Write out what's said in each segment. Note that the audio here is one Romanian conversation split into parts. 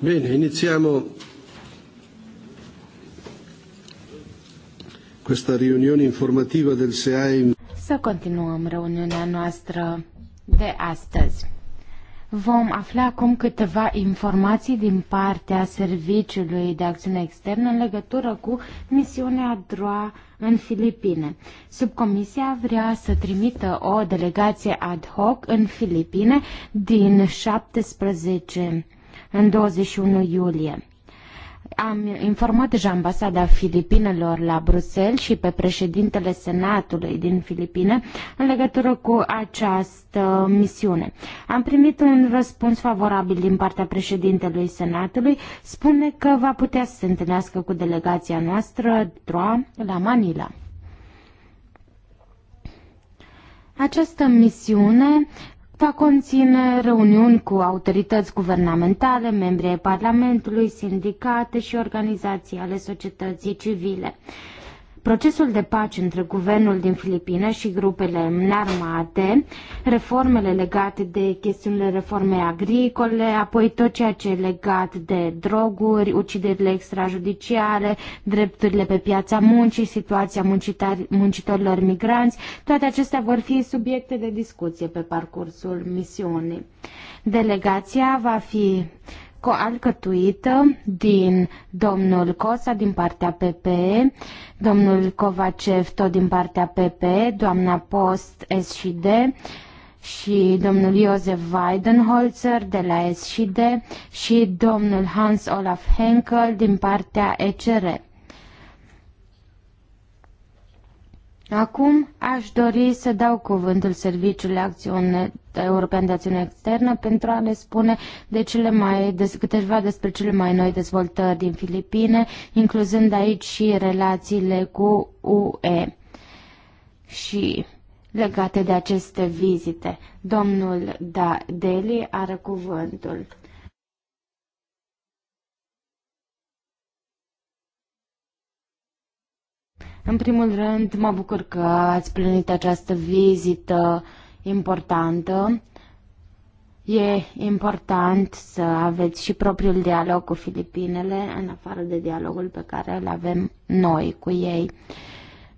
Bene, iniziamo questa riunione informativa del SEAI. Să continuăm reuniunea noastră de astăzi. Vom afla acum câteva informații din partea Serviciului de Acțiune Externă în legătură cu misiunea DROA în Filipine. Subcomisia vrea să trimită o delegație ad hoc în Filipine din 17 în 21 iulie. Am informat deja ambasada Filipinelor la Bruxelles și pe președintele Senatului din Filipine în legătură cu această misiune. Am primit un răspuns favorabil din partea președintelui Senatului. Spune că va putea să se întâlnească cu delegația noastră, DROA, la Manila. Această misiune Lista conține reuniuni cu autorități guvernamentale, membri ai Parlamentului, sindicate și organizații ale societății civile. Procesul de pace între guvernul din Filipine și grupele armate, reformele legate de chestiunile reforme agricole, apoi tot ceea ce e legat de droguri, uciderile extrajudiciare, drepturile pe piața muncii, situația muncitorilor migranți, toate acestea vor fi subiecte de discuție pe parcursul misiunii. Delegația va fi alcătuită din domnul Cosa din partea PPE, domnul Covacev tot din partea PPE, doamna Post S și D, și domnul Josef Weidenholzer de la S și D și domnul Hans Olaf Henkel din partea ECR. Acum aș dori să dau cuvântul Serviciului Acțiune, European de Acțiune Externă pentru a ne spune de cele mai, de, câteva despre cele mai noi dezvoltări din Filipine, incluzând aici și relațiile cu UE și legate de aceste vizite. Domnul da Deli are cuvântul. În primul rând, mă bucur că ați plinit această vizită importantă. E important să aveți și propriul dialog cu Filipinele, în afară de dialogul pe care îl avem noi cu ei.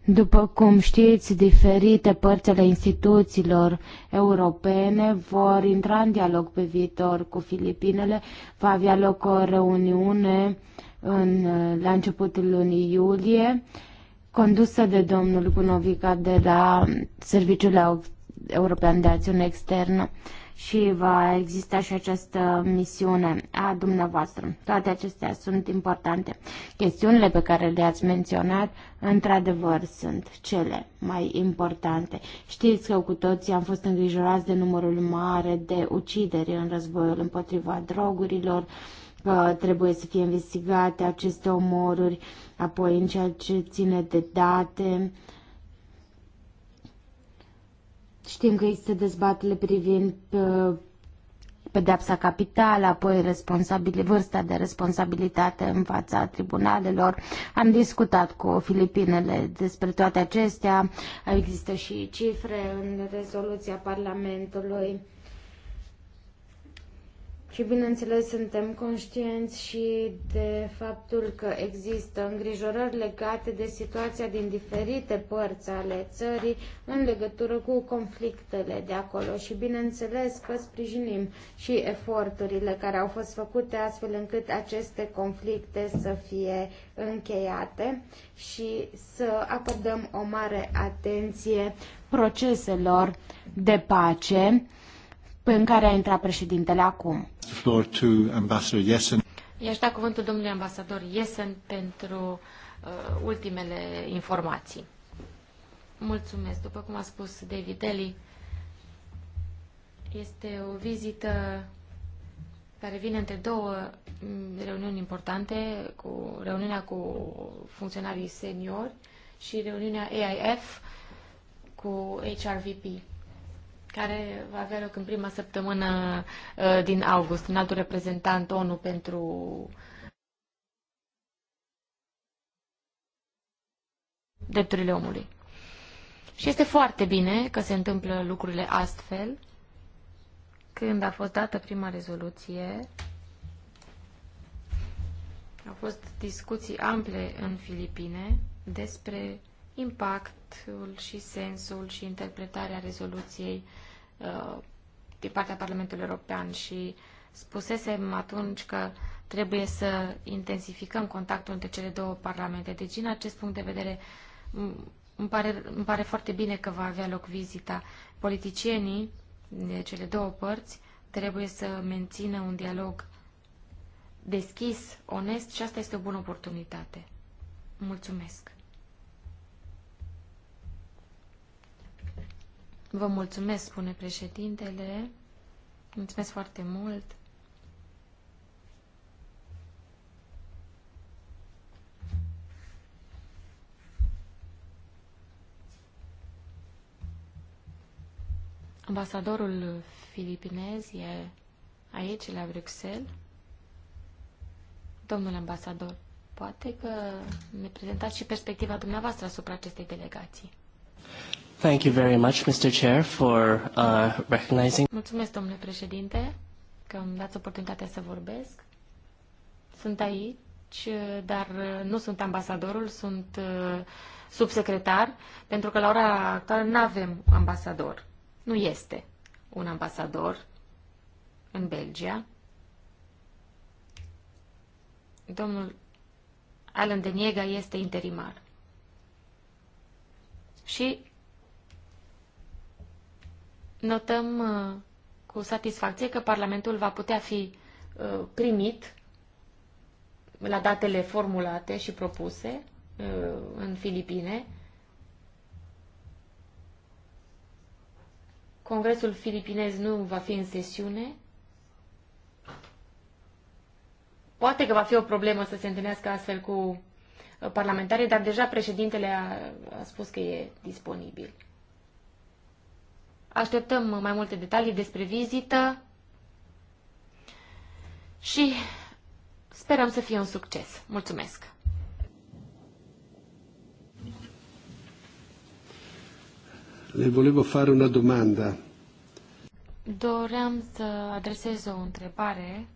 După cum știți, diferite părți ale instituțiilor europene vor intra în dialog pe viitor cu Filipinele. Va avea loc o reuniune în, la începutul lunii iulie condusă de domnul Gunovica de la Serviciul European de Acțiune Externă și va exista și această misiune a dumneavoastră. Toate acestea sunt importante. Chestiunile pe care le-ați menționat, într-adevăr, sunt cele mai importante. Știți că cu toții am fost îngrijorați de numărul mare de ucideri în războiul împotriva drogurilor, uh, trebuie să fie investigate aceste omoruri, apoi în ceea ce ține de date. Știm că există dezbatele privind uh, pedepsa capitală, apoi responsabili, vârsta de responsabilitate în fața tribunalelor. Am discutat cu Filipinele despre toate acestea. Există și cifre în rezoluția Parlamentului. Și bineînțeles suntem conștienți și de faptul că există îngrijorări legate de situația din diferite părți ale țării în legătură cu conflictele de acolo și bineînțeles că sprijinim și eforturile care au fost făcute astfel încât aceste conflicte să fie încheiate și să acordăm o mare atenție proceselor de pace în care a intrat președintele acum. I-aș da cuvântul domnului ambasador Iesen pentru uh, ultimele informații. Mulțumesc. După cum a spus David Daly, este o vizită care vine între două mm, reuniuni importante, cu reuniunea cu funcționarii seniori și reuniunea AIF cu HRVP care va avea loc în prima săptămână uh, din august. Un alt reprezentant ONU pentru drepturile omului. Și este foarte bine că se întâmplă lucrurile astfel. Când a fost dată prima rezoluție, au fost discuții ample în Filipine despre impactul și sensul și interpretarea rezoluției uh, din partea Parlamentului European și spusesem atunci că trebuie să intensificăm contactul între cele două parlamente. Deci, din acest punct de vedere, îmi pare, îmi pare foarte bine că va avea loc vizita. Politicienii de cele două părți trebuie să mențină un dialog deschis, onest și asta este o bună oportunitate. Mulțumesc! Vă mulțumesc, spune președintele. Mulțumesc foarte mult. Ambasadorul filipinez e aici, la Bruxelles. Domnul ambasador, poate că ne prezentați și perspectiva dumneavoastră asupra acestei delegații. Thank you very much, Mr. Chair, for uh, recognizing. Mulțumesc, domnule președinte, că îmi dați oportunitatea să vorbesc. Sunt aici, dar nu sunt ambasadorul, sunt uh, subsecretar, pentru că la ora actuală nu avem ambasador. Nu este un ambasador în Belgia. Domnul Alan Deniega este interimar. Și Notăm uh, cu satisfacție că Parlamentul va putea fi uh, primit la datele formulate și propuse uh, în Filipine. Congresul filipinez nu va fi în sesiune. Poate că va fi o problemă să se întâlnească astfel cu parlamentarii, dar deja președintele a, a spus că e disponibil. Așteptăm mai multe detalii despre vizită și sperăm să fie un succes. Mulțumesc! Le volevo fare una domanda. Doream să adresez o întrebare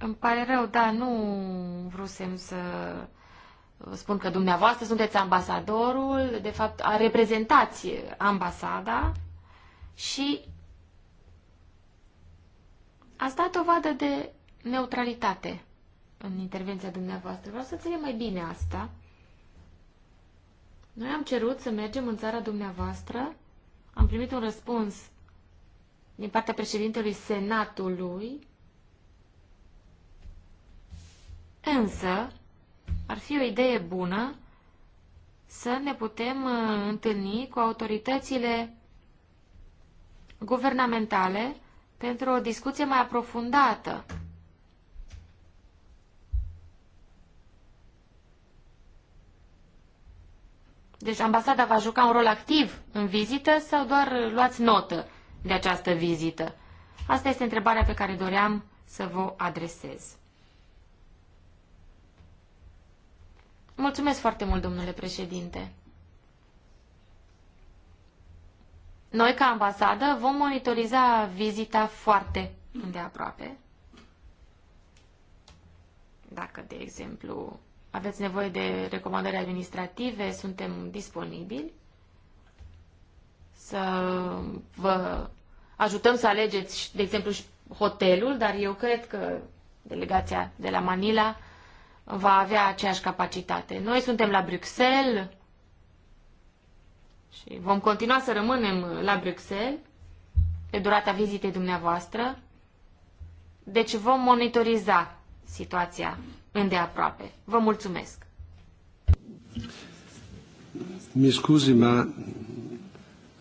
Îmi pare rău, da, nu vrusem să spun că dumneavoastră sunteți ambasadorul, de fapt reprezentați ambasada și ați dat vadă de neutralitate în intervenția dumneavoastră. Vreau să înțeleg mai bine asta. Noi am cerut să mergem în țara dumneavoastră, am primit un răspuns din partea președintelui Senatului, Însă, ar fi o idee bună să ne putem uh, întâlni cu autoritățile guvernamentale pentru o discuție mai aprofundată. Deci ambasada va juca un rol activ în vizită sau doar luați notă de această vizită? Asta este întrebarea pe care doream să vă adresez. Mulțumesc foarte mult, domnule președinte. Noi, ca ambasadă, vom monitoriza vizita foarte îndeaproape. Dacă, de exemplu, aveți nevoie de recomandări administrative, suntem disponibili să vă ajutăm să alegeți, de exemplu, hotelul, dar eu cred că delegația de la Manila va avea aceeași capacitate. Noi suntem la Bruxelles și vom continua să rămânem la Bruxelles pe durata vizitei dumneavoastră. Deci vom monitoriza situația îndeaproape. Vă mulțumesc. Mi scuzi, ma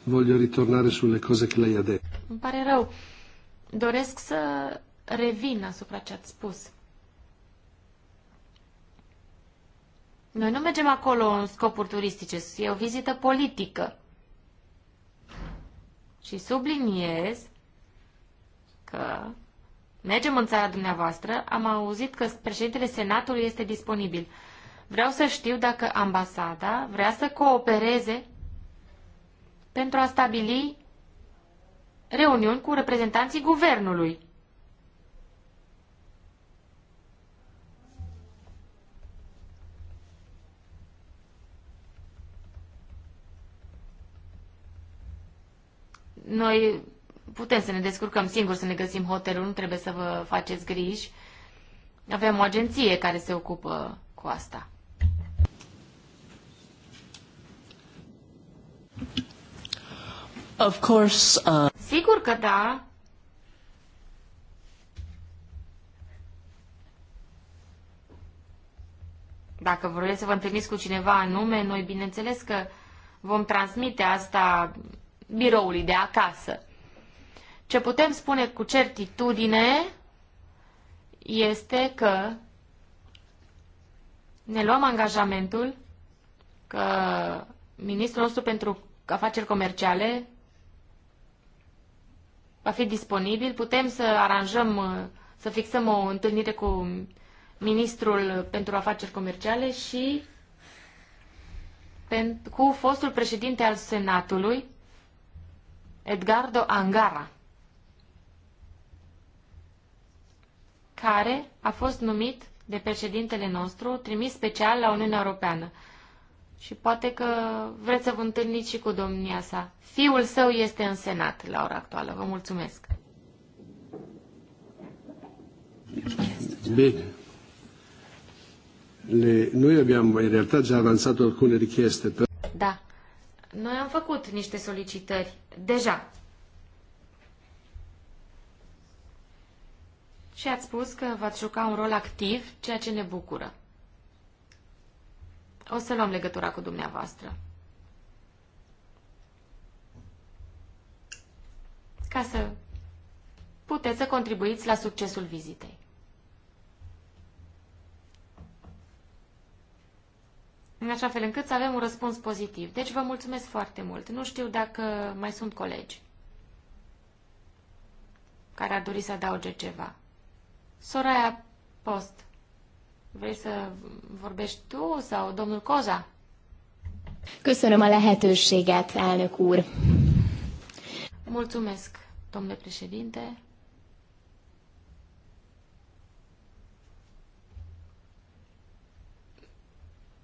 voglio ritornare sulle cose che lei ha detto. Îmi pare rău. Doresc să revin asupra ce ați spus. Noi nu mergem acolo în scopuri turistice, e o vizită politică. Și subliniez că mergem în țara dumneavoastră, am auzit că președintele Senatului este disponibil. Vreau să știu dacă ambasada vrea să coopereze pentru a stabili reuniuni cu reprezentanții guvernului. Noi putem să ne descurcăm singuri să ne găsim hotelul, nu trebuie să vă faceți griji. Avem o agenție care se ocupă cu asta. Of course, uh... Sigur că da. Dacă vreți să vă întâlniți cu cineva anume, noi bineînțeles că vom transmite asta biroului de acasă. Ce putem spune cu certitudine este că ne luăm angajamentul că ministrul nostru pentru afaceri comerciale va fi disponibil. Putem să aranjăm, să fixăm o întâlnire cu ministrul pentru afaceri comerciale și cu fostul președinte al Senatului, Edgardo Angara, care a fost numit de președintele nostru, trimis special la Uniunea Europeană. Și poate că vreți să vă întâlniți și cu domnia sa. Fiul său este în Senat la ora actuală. Vă mulțumesc. Bine. Le, noi abbiamo in realtà già avanzato alcune richieste. Per... Da, noi am făcut niște solicitări deja. Și ați spus că v-ați juca un rol activ, ceea ce ne bucură. O să luăm legătura cu dumneavoastră. Ca să puteți să contribuiți la succesul vizitei. în așa fel încât să avem un răspuns pozitiv. Deci vă mulțumesc foarte mult. Nu știu dacă mai sunt colegi care ar dori să adauge ceva. Soraya Post, vrei să vorbești tu sau domnul Coza? Köszönöm a lehetőséget, elnök úr. Mulțumesc, domnule președinte.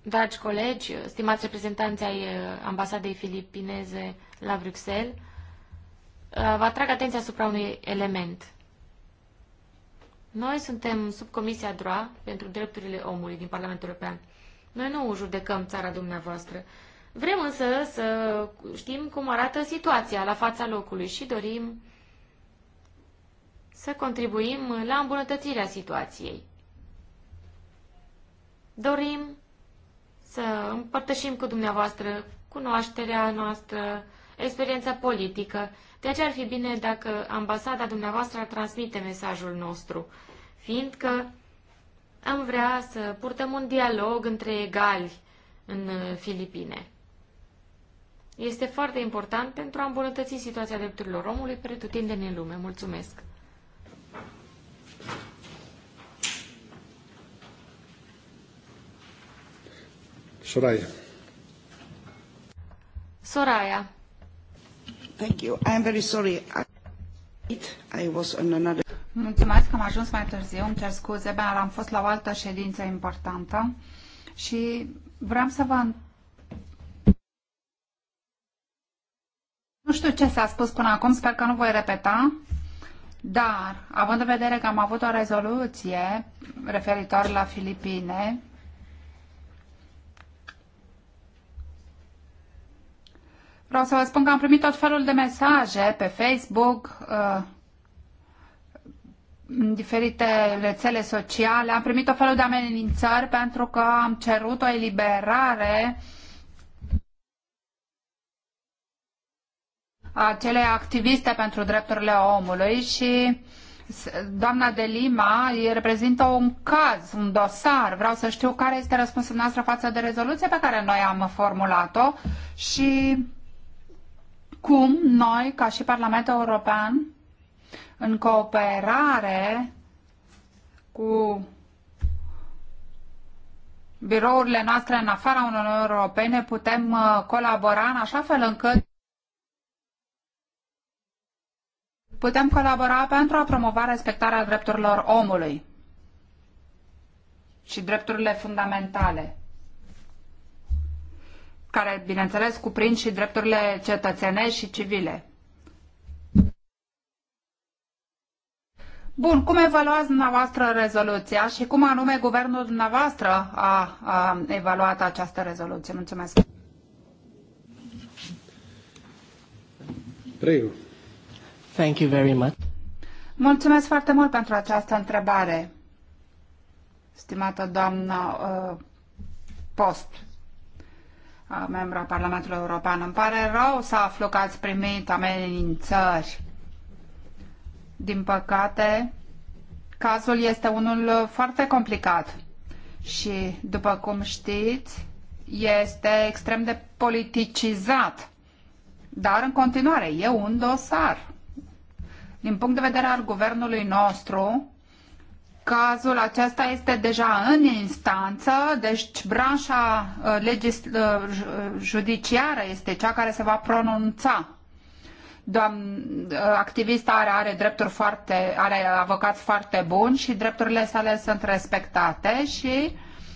Dragi colegi, stimați reprezentanți ai uh, ambasadei filipineze la Bruxelles, uh, vă atrag atenția asupra unui element. Noi suntem sub Comisia DROA pentru drepturile omului din Parlamentul European. Noi nu judecăm țara dumneavoastră. Vrem însă să știm cum arată situația la fața locului și dorim să contribuim la îmbunătățirea situației. Dorim să împărtășim cu dumneavoastră cunoașterea noastră, experiența politică. De aceea ar fi bine dacă ambasada dumneavoastră ar transmite mesajul nostru, fiindcă am vrea să purtăm un dialog între egali în Filipine. Este foarte important pentru a îmbunătăți situația drepturilor omului pretutindeni în lume. Mulțumesc! Soraya. Soraya. Thank you. I am very sorry. I, I was on another... Mulțumesc că am ajuns mai târziu. Îmi cer scuze, bine, am fost la o altă ședință importantă și vreau să vă Nu știu ce s-a spus până acum, sper că nu voi repeta, dar având în vedere că am avut o rezoluție referitor la Filipine, Vreau să vă spun că am primit tot felul de mesaje pe Facebook, uh, în diferite rețele sociale. Am primit tot felul de amenințări pentru că am cerut o eliberare a acelei activiste pentru drepturile omului și doamna de Lima reprezintă un caz, un dosar. Vreau să știu care este răspunsul noastră față de rezoluția pe care noi am formulat-o și cum noi, ca și Parlamentul European, în cooperare cu birourile noastre în afara Uniunii Europene, putem uh, colabora în așa fel încât putem colabora pentru a promova respectarea drepturilor omului și drepturile fundamentale care, bineînțeles, cuprind și drepturile cetățenești și civile. Bun, cum evaluați dumneavoastră rezoluția și cum anume guvernul dumneavoastră a, a evaluat această rezoluție? Mulțumesc. Prego. Thank you very much. Mulțumesc foarte mult pentru această întrebare, stimată doamnă uh, Post membru al Parlamentului European. Îmi pare rău să aflu că ați primit amenințări. Din păcate, cazul este unul foarte complicat și, după cum știți, este extrem de politicizat. Dar, în continuare, e un dosar. Din punct de vedere al guvernului nostru, Cazul acesta este deja în instanță, deci branșa uh, uh, judiciară este cea care se va pronunța. Doamn, uh, activista are, are drepturi foarte, are avocați foarte buni și drepturile sale sunt respectate și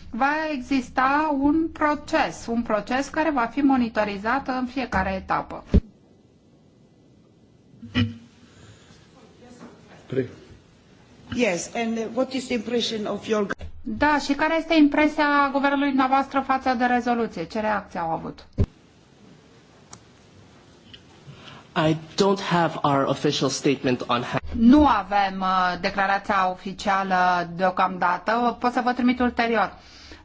va exista un proces, un proces care va fi monitorizat în fiecare etapă. Yes, and uh, what is the impression of your... Da, și care este impresia guvernului dumneavoastră față de rezoluție? Ce reacție au avut? I don't have our official statement on nu avem uh, declarația oficială deocamdată, pot să vă trimit ulterior.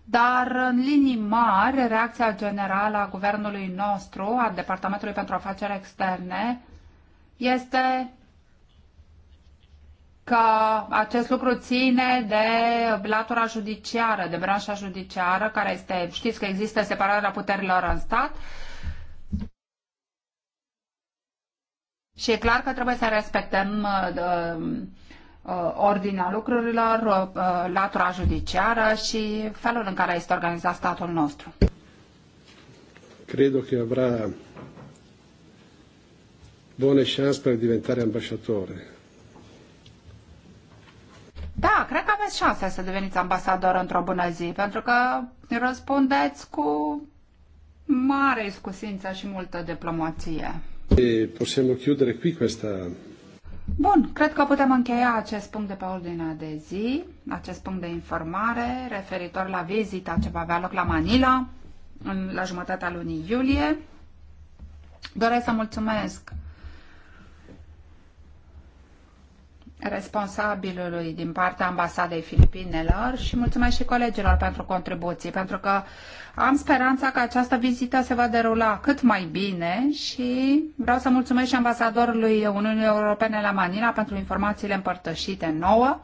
Dar, în linii mari, reacția generală a guvernului nostru, a Departamentului pentru Afaceri Externe, este că acest lucru ține de latura judiciară, de branșa judiciară, care este, știți că există separarea puterilor în stat, și e clar că trebuie să respectăm uh, ordinea lucrurilor, uh, latura judiciară și felul în care este organizat statul nostru. Credo că avrà buone chance per diventare ambasciatore. Da, cred că aveți șansa să deveniți ambasador într-o bună zi, pentru că răspundeți cu mare iscusință și multă diplomație. E, putem chiudere qui questa... Bun, cred că putem încheia acest punct de pe ordinea de zi, acest punct de informare referitor la vizita ce va avea loc la Manila în, la jumătatea lunii iulie. Doresc să mulțumesc responsabilului din partea ambasadei Filipinelor și mulțumesc și colegilor pentru contribuții, pentru că am speranța că această vizită se va derula cât mai bine și vreau să mulțumesc și ambasadorului Uniunii Europene la Manila pentru informațiile împărtășite nouă.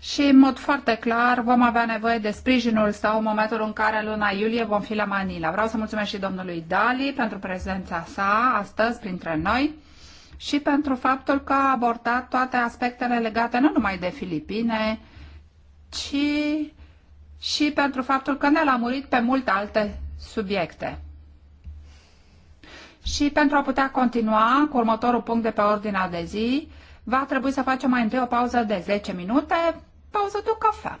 Și, în mod foarte clar, vom avea nevoie de sprijinul său în momentul în care, luna iulie, vom fi la Manila. Vreau să mulțumesc și domnului Dali pentru prezența sa astăzi printre noi și pentru faptul că a abordat toate aspectele legate nu numai de Filipine, ci și pentru faptul că ne-a lămurit pe multe alte subiecte. Și pentru a putea continua cu următorul punct de pe ordinea de zi, va trebui să facem mai întâi o pauză de 10 minute, pauză de cafea.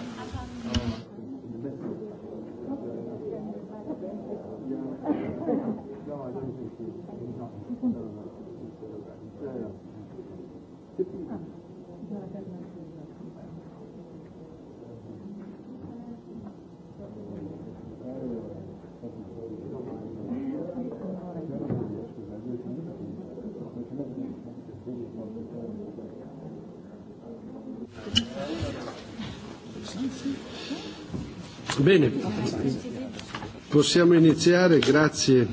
Thank you. Bine, possiamo iniziare, grazie.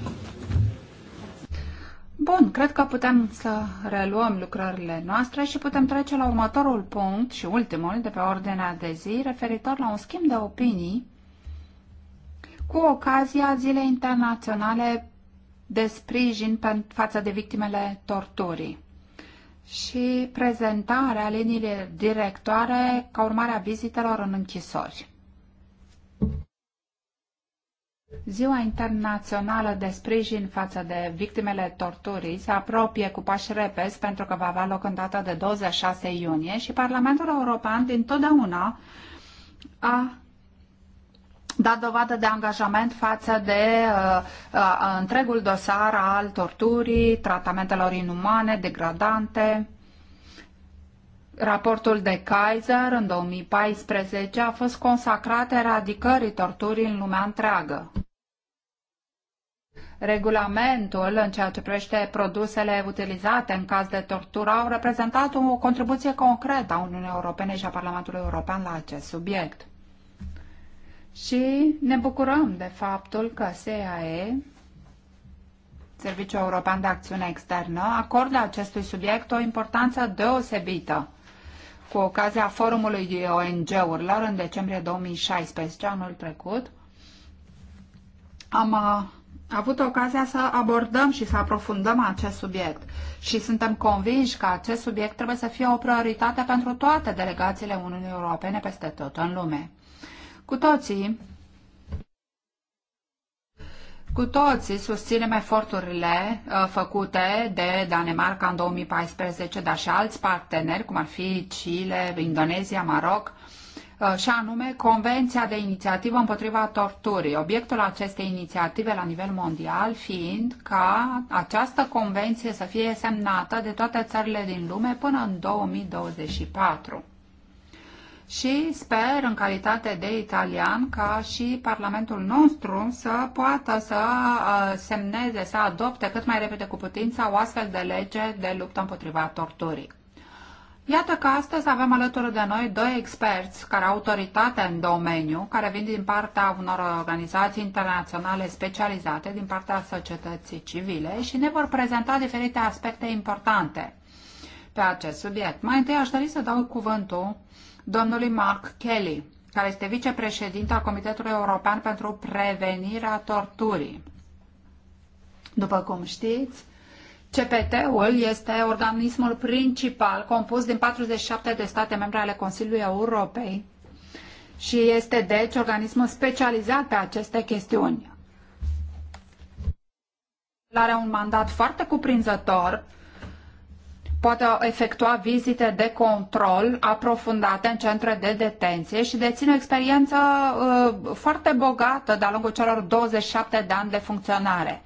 Bun, cred că putem să reluăm lucrările noastre și putem trece la următorul punct și ultimul de pe ordinea de zi, referitor la un schimb de opinii cu ocazia Zilei Internaționale de sprijin față de victimele torturii și prezentarea liniilor directoare ca urmare a vizitelor în închisori. Ziua internațională de sprijin față de victimele torturii se apropie cu pași repezi pentru că va avea loc în data de 26 iunie și Parlamentul European din totdeauna a dat dovadă de angajament față de uh, uh, întregul dosar al torturii, tratamentelor inumane, degradante Raportul de Kaiser în 2014 a fost consacrat eradicării torturii în lumea întreagă. Regulamentul în ceea ce privește produsele utilizate în caz de tortură au reprezentat o contribuție concretă a Uniunii Europene și a Parlamentului European la acest subiect. Și ne bucurăm de faptul că SEAE, Serviciul European de Acțiune Externă, acordă acestui subiect o importanță deosebită cu ocazia forumului ONG-urilor în decembrie 2016, anul trecut, am uh, avut ocazia să abordăm și să aprofundăm acest subiect și suntem convinși că acest subiect trebuie să fie o prioritate pentru toate delegațiile Uniunii Europene peste tot în lume. Cu toții cu toții susținem eforturile uh, făcute de Danemarca în 2014, dar și alți parteneri, cum ar fi Chile, Indonezia, Maroc, uh, și anume Convenția de Inițiativă împotriva Torturii. Obiectul acestei inițiative la nivel mondial fiind ca această convenție să fie semnată de toate țările din lume până în 2024 și sper în calitate de italian ca și Parlamentul nostru să poată să uh, semneze, să adopte cât mai repede cu putință o astfel de lege de luptă împotriva torturii. Iată că astăzi avem alături de noi doi experți care au autoritate în domeniu, care vin din partea unor organizații internaționale specializate, din partea societății civile și ne vor prezenta diferite aspecte importante pe acest subiect. Mai întâi aș dori să dau cuvântul domnului Mark Kelly, care este vicepreședinte al Comitetului European pentru Prevenirea Torturii. După cum știți, CPT-ul este organismul principal compus din 47 de state membre ale Consiliului Europei și este deci organismul specializat pe aceste chestiuni. Are un mandat foarte cuprinzător poate efectua vizite de control aprofundate în centre de detenție și deține o experiență uh, foarte bogată de-a lungul celor 27 de ani de funcționare.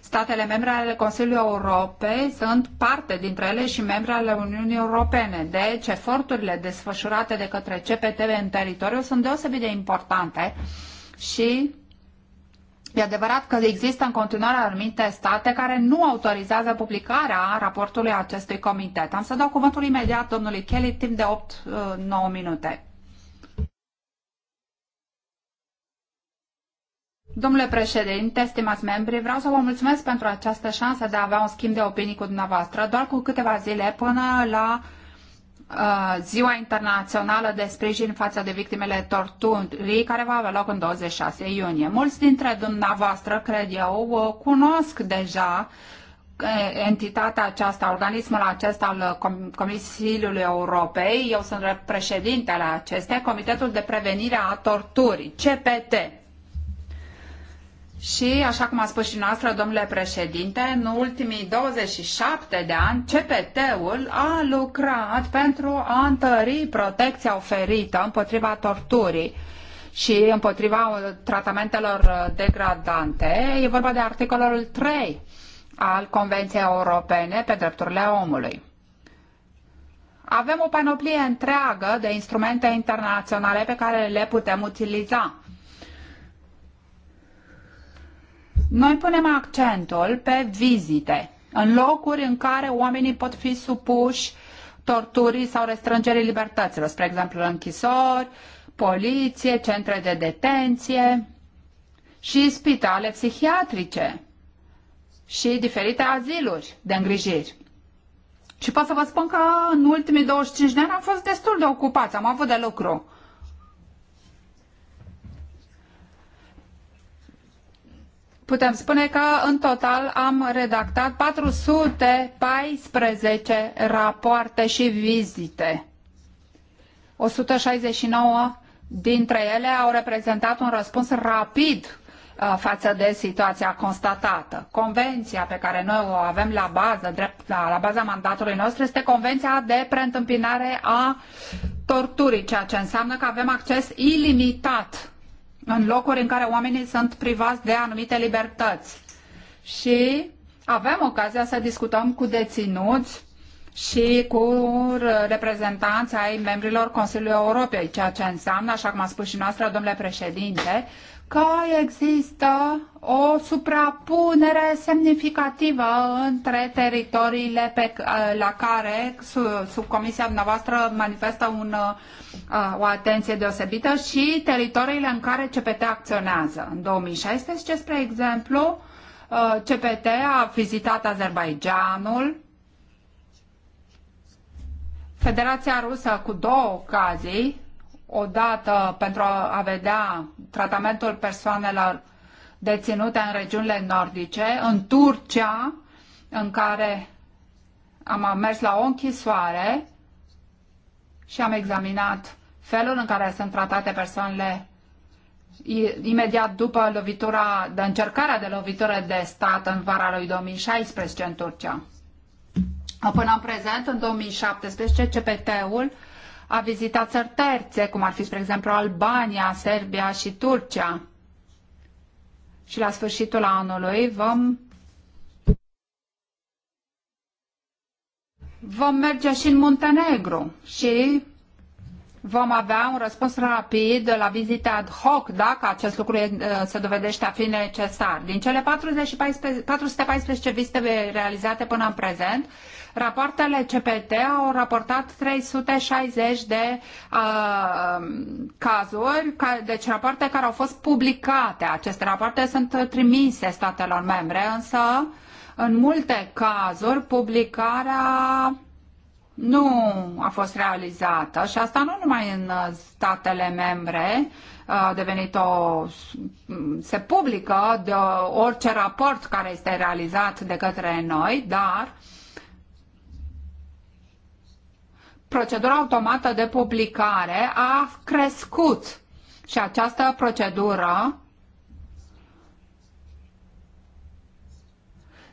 Statele membre ale Consiliului Europei sunt parte dintre ele și membre ale Uniunii Europene. Deci, eforturile desfășurate de către CPTV în teritoriu sunt deosebit de importante și E adevărat că există în continuare anumite state care nu autorizează publicarea raportului acestui comitet. Am să dau cuvântul imediat domnului Kelly timp de 8-9 uh, minute. Domnule președinte, stimați membri, vreau să vă mulțumesc pentru această șansă de a avea un schimb de opinii cu dumneavoastră, doar cu câteva zile până la uh, Uh, Ziua Internațională de Sprijin față de victimele torturii, care va avea loc în 26 iunie. Mulți dintre dumneavoastră, cred eu, uh, cunosc deja uh, entitatea aceasta, organismul acesta al Consiliului Europei. Eu sunt președintele acestei, Comitetul de Prevenire a Torturii, CPT. Și, așa cum a spus și noastră, domnule președinte, în ultimii 27 de ani, CPT-ul a lucrat pentru a întări protecția oferită împotriva torturii și împotriva tratamentelor degradante. E vorba de articolul 3 al Convenției Europene pe drepturile omului. Avem o panoplie întreagă de instrumente internaționale pe care le putem utiliza Noi punem accentul pe vizite, în locuri în care oamenii pot fi supuși torturii sau restrângerii libertăților, spre exemplu închisori, poliție, centre de detenție și spitale psihiatrice și diferite aziluri de îngrijiri. Și pot să vă spun că în ultimii 25 de ani am fost destul de ocupați, am avut de lucru. putem spune că în total am redactat 414 rapoarte și vizite. 169 dintre ele au reprezentat un răspuns rapid uh, față de situația constatată. Convenția pe care noi o avem la bază, drept, la, la baza mandatului nostru, este Convenția de preîntâmpinare a torturii, ceea ce înseamnă că avem acces ilimitat în locuri în care oamenii sunt privați de anumite libertăți. Și avem ocazia să discutăm cu deținuți și cu reprezentanții ai membrilor Consiliului Europei, ceea ce înseamnă, așa cum a spus și noastră, domnule președinte, că există o suprapunere semnificativă între teritoriile pe, la care subcomisia comisia noastră manifestă un, o atenție deosebită și teritoriile în care CPT acționează. În 2016, spre exemplu, CPT a vizitat Azerbaijanul, Federația Rusă cu două ocazii, o dată pentru a vedea tratamentul persoanelor deținute în regiunile nordice, în Turcia, în care am mers la o închisoare și am examinat felul în care sunt tratate persoanele imediat după lovitura, de încercarea de lovitură de stat în vara lui 2016 în Turcia. Până în prezent, în 2017, CPT-ul a vizita țări terțe, cum ar fi, spre exemplu, Albania, Serbia și Turcia. Și la sfârșitul anului vom vom merge și în Muntenegru și vom avea un răspuns rapid la vizite ad hoc, dacă acest lucru ă, se dovedește a fi necesar. Din cele 44 414 vizite realizate până în prezent, rapoartele CPT au raportat 360 de uh, cazuri, ca, deci rapoarte care au fost publicate. Aceste rapoarte sunt trimise statelor membre, însă în multe cazuri publicarea nu a fost realizată și asta nu numai în uh, statele membre, uh, a devenit o, se publică de orice raport care este realizat de către noi, dar procedura automată de publicare a crescut și această procedură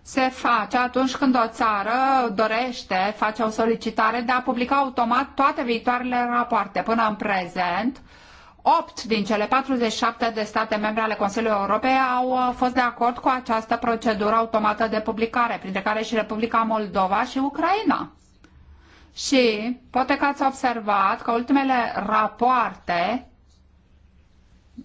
se face atunci când o țară dorește, face o solicitare de a publica automat toate viitoarele rapoarte. Până în prezent, Opt din cele 47 de state membre ale Consiliului Europei au uh, fost de acord cu această procedură automată de publicare, printre care și Republica Moldova și Ucraina. Și poate că ați observat că ultimele rapoarte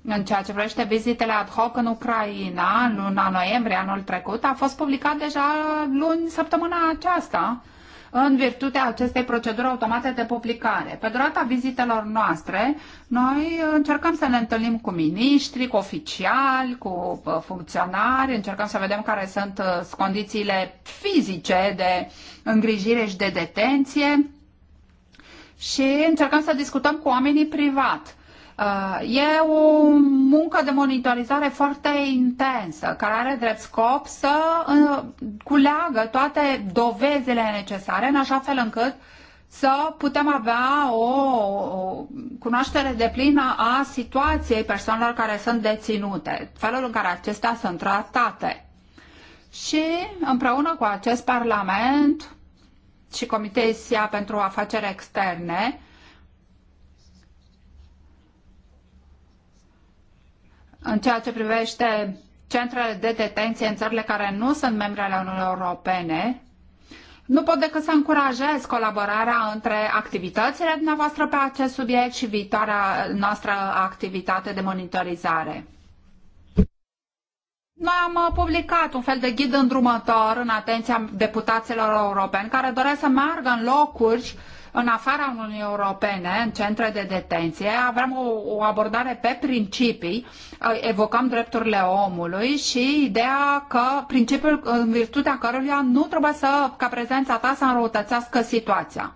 în ceea ce vrește vizitele ad hoc în Ucraina, în luna noiembrie anul trecut, a fost publicat deja luni, săptămâna aceasta, în virtutea acestei proceduri automate de publicare. Pe durata vizitelor noastre, noi încercăm să ne întâlnim cu miniștri, cu oficiali, cu funcționari, încercăm să vedem care sunt uh, condițiile fizice de îngrijire și de detenție și încercăm să discutăm cu oamenii privat Uh, e o muncă de monitorizare foarte intensă, care are drept scop să uh, culeagă toate dovezile necesare, în așa fel încât să putem avea o, cunoaștere de plină a situației persoanelor care sunt deținute, felul în care acestea sunt tratate. Și împreună cu acest Parlament și Comisia pentru Afaceri Externe, în ceea ce privește centrele de detenție în țările care nu sunt membre ale Uniunii Europene, nu pot decât să încurajez colaborarea între activitățile dumneavoastră pe acest subiect și viitoarea noastră activitate de monitorizare. Noi am uh, publicat un fel de ghid îndrumător în atenția deputaților europeni care doresc să meargă în locuri în afara Uniunii Europene, în centre de detenție, avem o, o abordare pe principii, uh, evocăm drepturile omului și ideea că principiul uh, în virtutea căruia nu trebuie să, ca prezența ta să înrăutățească situația.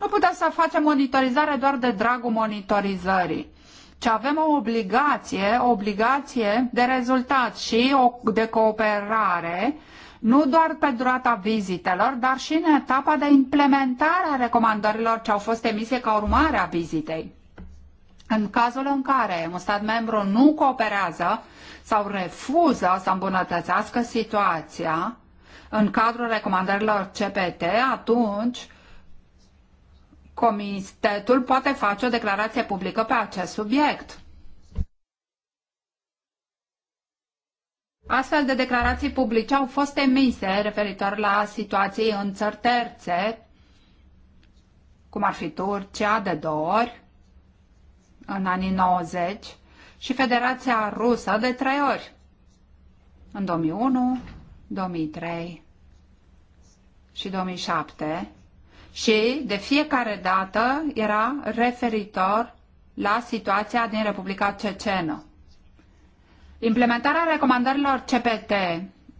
Nu putem să facem monitorizare doar de dragul monitorizării, ci avem o obligație, o obligație de rezultat și o, de cooperare nu doar pe durata vizitelor, dar și în etapa de implementare a recomandărilor ce au fost emise ca urmare a vizitei. În cazul în care un stat membru nu cooperează sau refuză să îmbunătățească situația în cadrul recomandărilor CPT, atunci Comitetul poate face o declarație publică pe acest subiect. Astfel de declarații publice au fost emise referitor la situații în țări terțe, cum ar fi Turcia de două ori în anii 90 și Federația Rusă de trei ori în 2001, 2003 și 2007 și de fiecare dată era referitor la situația din Republica Cecenă. Implementarea recomandărilor CPT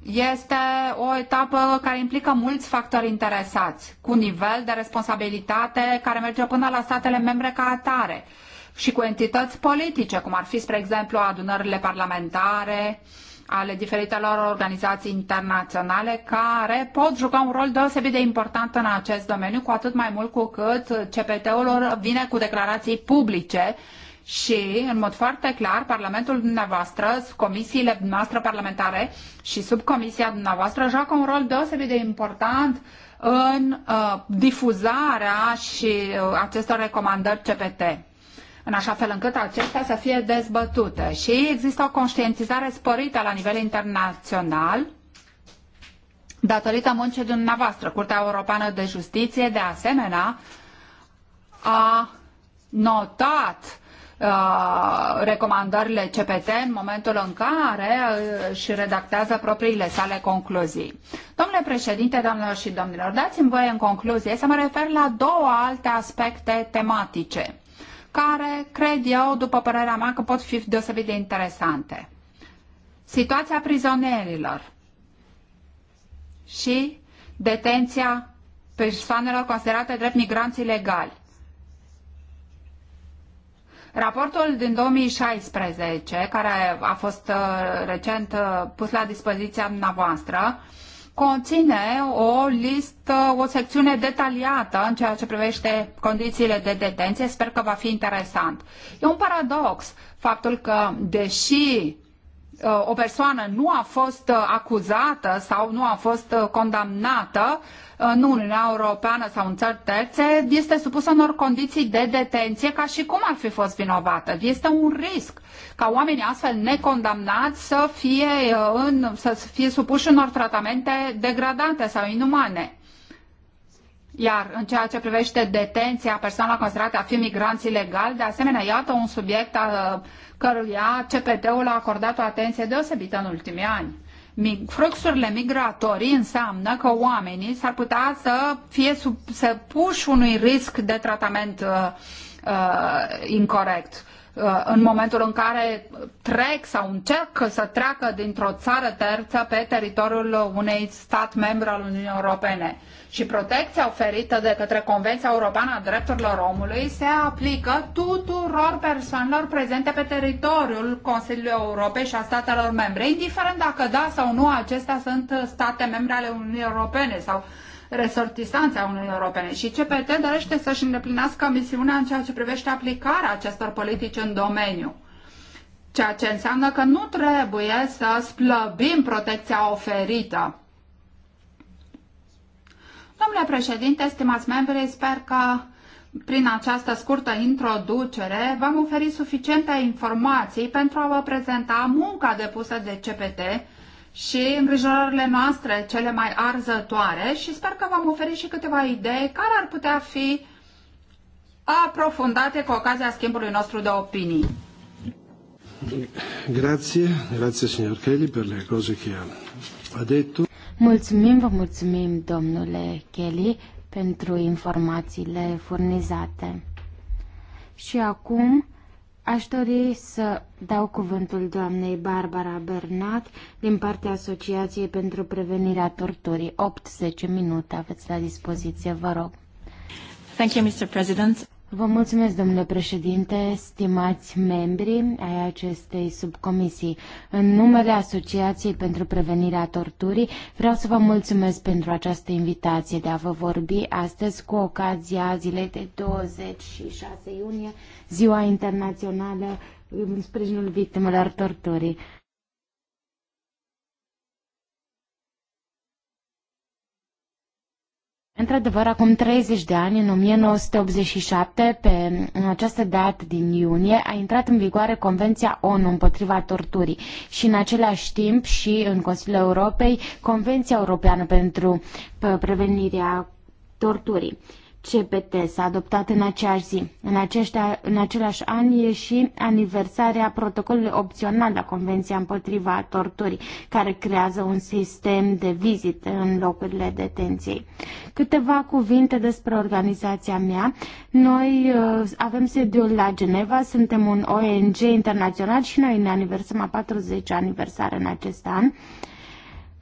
este o etapă care implică mulți factori interesați, cu nivel de responsabilitate care merge până la statele membre ca atare și cu entități politice, cum ar fi, spre exemplu, adunările parlamentare ale diferitelor organizații internaționale care pot juca un rol deosebit de important în acest domeniu, cu atât mai mult cu cât CPT-ul vine cu declarații publice și, în mod foarte clar, Parlamentul dumneavoastră, comisiile dumneavoastră parlamentare și subcomisia dumneavoastră joacă un rol deosebit de important în uh, difuzarea și uh, acestor recomandări CPT în așa fel încât acestea să fie dezbătute. Și există o conștientizare sporită la nivel internațional datorită muncii dumneavoastră. Curtea Europeană de Justiție, de asemenea, a notat Uh, recomandările CPT în momentul în care uh, își redactează propriile sale concluzii. Domnule președinte, doamnelor și domnilor, dați-mi voie în concluzie să mă refer la două alte aspecte tematice care, cred eu, după părerea mea, că pot fi deosebit de interesante. Situația prizonierilor și detenția persoanelor considerate drept migranți ilegali. Raportul din 2016, care a fost uh, recent uh, pus la dispoziția dumneavoastră, conține o listă, o secțiune detaliată în ceea ce privește condițiile de detenție. Sper că va fi interesant. E un paradox faptul că, deși Uh, o persoană nu a fost uh, acuzată sau nu a fost uh, condamnată în Uniunea Europeană sau în țări terțe, este supusă unor condiții de detenție ca și cum ar fi fost vinovată. Este un risc ca oamenii astfel necondamnați să fie, în, să fie supuși unor tratamente degradante sau inumane. Iar în ceea ce privește detenția persoanelor considerate a fi migranți ilegali, de asemenea, iată un subiect a, uh, căruia CPT-ul a acordat o atenție deosebită în ultimii ani. Fluxurile migratorii înseamnă că oamenii s-ar putea să fie sub, să unui risc de tratament uh, uh, incorrect. Uh, în momentul în care trec sau încerc să treacă dintr-o țară terță pe teritoriul unei stat membru al Uniunii Europene. Și protecția oferită de către Convenția Europeană a Drepturilor Omului se aplică tuturor persoanelor prezente pe teritoriul Consiliului Europei și a statelor membre, indiferent dacă da sau nu acestea sunt state membre ale Uniunii Europene sau resortisanți Uniunii Europene și CPT dorește să-și îndeplinească misiunea în ceea ce privește aplicarea acestor politici în domeniu. Ceea ce înseamnă că nu trebuie să slăbim protecția oferită. Domnule președinte, stimați membri, sper că prin această scurtă introducere v-am oferit suficiente informații pentru a vă prezenta munca depusă de CPT și îngrijorările noastre cele mai arzătoare și sper că v-am oferit și câteva idei care ar putea fi aprofundate cu ocazia schimbului nostru de opinii. Grazie, grazie signor Kelly per le cose che ha detto. Mulțumim, vă mulțumim domnule Kelly pentru informațiile furnizate. Și acum Aș dori să dau cuvântul doamnei Barbara Bernat din partea Asociației pentru Prevenirea Torturii. 8-10 minute aveți la dispoziție, vă rog. Thank you, Mr. President. Vă mulțumesc, domnule președinte, stimați membri ai acestei subcomisii. În numele Asociației pentru Prevenirea Torturii, vreau să vă mulțumesc pentru această invitație de a vă vorbi astăzi cu ocazia zilei de 26 iunie, Ziua Internațională în sprijinul victimelor torturii. Într-adevăr, acum 30 de ani, în 1987, pe această dată din iunie, a intrat în vigoare Convenția ONU împotriva torturii și în același timp și în Consiliul Europei Convenția Europeană pentru prevenirea torturii. CPT s-a adoptat în aceeași zi. În, aceștia, în același an e și aniversarea protocolului opțional la Convenția împotriva torturii, care creează un sistem de vizite în locurile detenției. Câteva cuvinte despre organizația mea. Noi uh, avem sediul la Geneva, suntem un ONG internațional și noi ne aniversăm a 40 aniversare în acest an.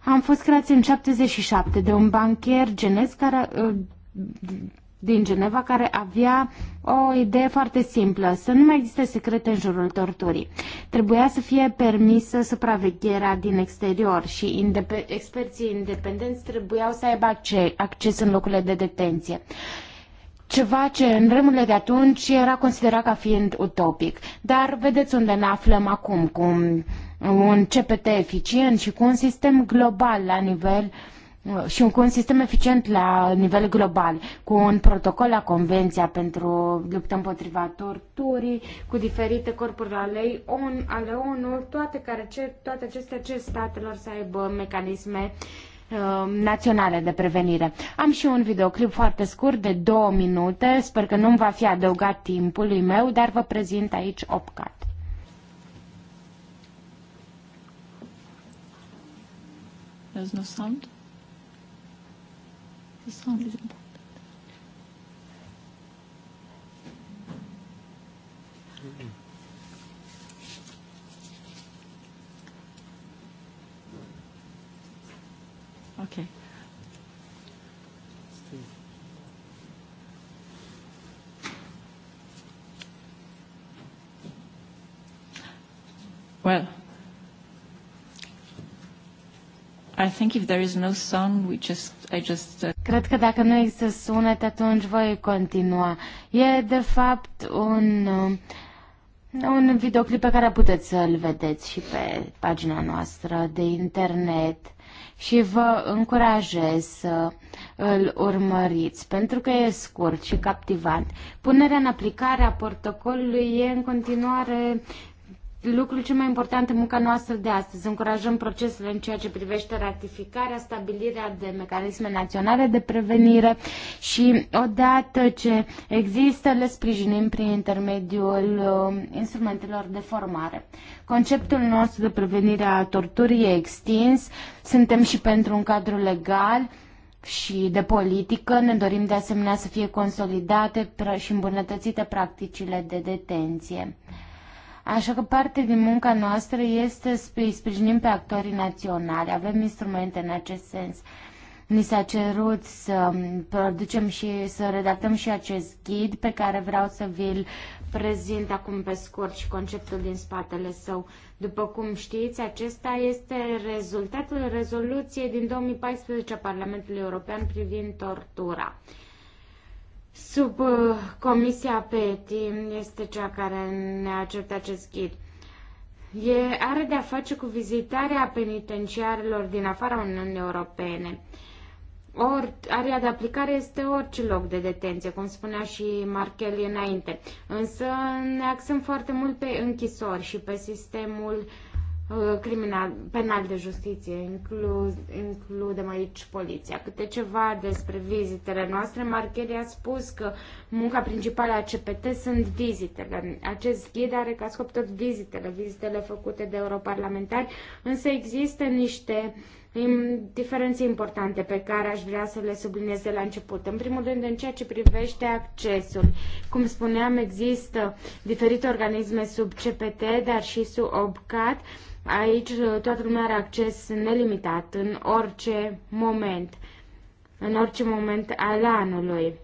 Am fost creați în 77 de un bancher genesc care uh, din Geneva care avea o idee foarte simplă, să nu mai existe secrete în jurul torturii. Trebuia să fie permisă supravegherea din exterior și indep- experții independenți trebuiau să aibă acces în locurile de detenție ceva ce în vremurile de atunci era considerat ca fiind utopic. Dar vedeți unde ne aflăm acum, cu un CPT eficient și cu un sistem global la nivel uh, Uh, și cu un sistem eficient la nivel global, cu un protocol la Convenția pentru luptă împotriva torturii, cu diferite corpuri ale ONU, ale ONU toate, care cer, toate acestea ce statelor să aibă mecanisme uh, naționale de prevenire. Am și un videoclip foarte scurt de două minute, sper că nu va fi adăugat timpului meu, dar vă prezint aici OPCAT. There's no sound? the sound important. Okay. Well, I think if there is no sound, we just I just... Uh, Cred că dacă nu există sunet, atunci voi continua. E, de fapt, un, uh, un videoclip pe care puteți să-l vedeți și pe pagina noastră de internet și vă încurajez să îl urmăriți, pentru că e scurt și captivant. Punerea în aplicare a protocolului e în continuare lucrul cel mai important în munca noastră de astăzi. Încurajăm procesele în ceea ce privește ratificarea, stabilirea de mecanisme naționale de prevenire și odată ce există, le sprijinim prin intermediul um, instrumentelor de formare. Conceptul nostru de prevenire a torturii e extins, suntem și pentru un cadru legal, și de politică. Ne dorim de asemenea să fie consolidate și îmbunătățite practicile de detenție. Așa că parte din munca noastră este să îi sprijinim pe actorii naționali. Avem instrumente în acest sens. Ni s-a cerut să producem și să redactăm și acest ghid pe care vreau să vi-l prezint acum pe scurt și conceptul din spatele său. După cum știți, acesta este rezultatul rezoluției din 2014 a Parlamentului European privind tortura. Sub uh, Comisia PETI este cea care ne-a cerut acest ghid. E, are de-a face cu vizitarea penitenciarilor din afara Uniunii Europene. Or, area de aplicare este orice loc de detenție, cum spunea și Markel înainte. Însă ne axăm foarte mult pe închisori și pe sistemul uh, Uh, criminal, penal de justiție, inclus, includem aici poliția. Câte ceva despre vizitele noastre, Marcheri a spus că munca principală a CPT sunt vizitele. Acest ghid are ca scop tot vizitele, vizitele făcute de europarlamentari, însă există niște diferențe importante pe care aș vrea să le subliniez de la început. În primul rând, în ceea ce privește accesul. Cum spuneam, există diferite organisme sub CPT, dar și sub OBCAT, Aici uh, toată lumea are acces nelimitat în orice moment, în orice moment al anului.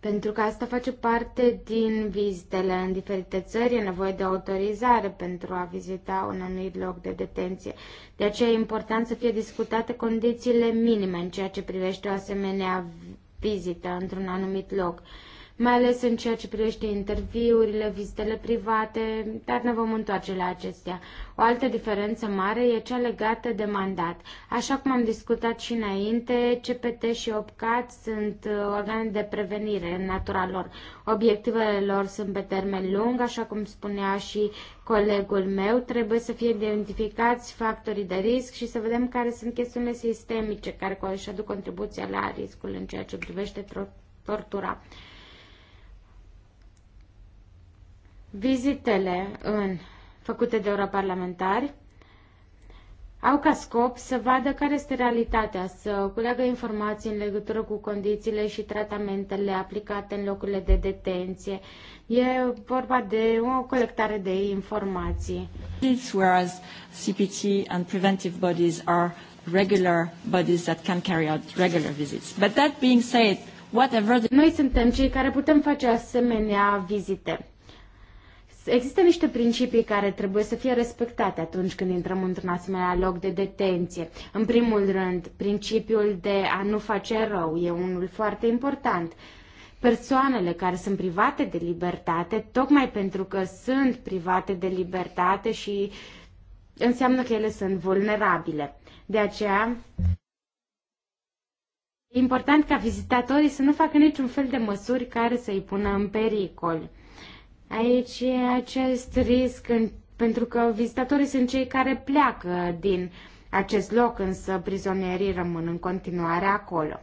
Pentru că asta face parte din vizitele în diferite țări, e nevoie de autorizare pentru a vizita un anumit loc de detenție. De aceea e important să fie discutate condițiile minime în ceea ce privește o asemenea vizită într-un anumit loc. Uh, mai ales în ceea ce privește interviurile, vizitele private, dar ne vom întoarce la acestea. O altă diferență mare e cea legată de mandat. Așa cum am discutat și înainte, CPT și OPCAT sunt uh, organe de prevenire în natura lor. Obiectivele lor sunt pe termen lung, așa cum spunea și colegul meu, trebuie să fie identificați factorii de risc și să vedem care sunt chestiunile sistemice care își aduc contribuția la riscul în ceea ce privește tortura. Vizitele în, făcute de europarlamentari au ca scop să vadă care este realitatea, să culeagă informații în legătură cu condițiile și tratamentele aplicate în locurile de detenție. E vorba de o colectare de informații. Whereas CPT and preventive bodies are regular bodies that can carry out regular visits. But that being said, whatever the... Noi suntem cei care putem face asemenea vizite Există niște principii care trebuie să fie respectate atunci când intrăm într-un asemenea loc de detenție. În primul rând, principiul de a nu face rău e unul foarte important. Persoanele care sunt private de libertate, tocmai pentru că sunt private de libertate și înseamnă că ele sunt vulnerabile. De aceea, e important ca vizitatorii să nu facă niciun fel de măsuri care să-i pună în pericol. Aici e acest risc în, pentru că vizitatorii sunt cei care pleacă din acest loc, însă prizonierii rămân în continuare acolo.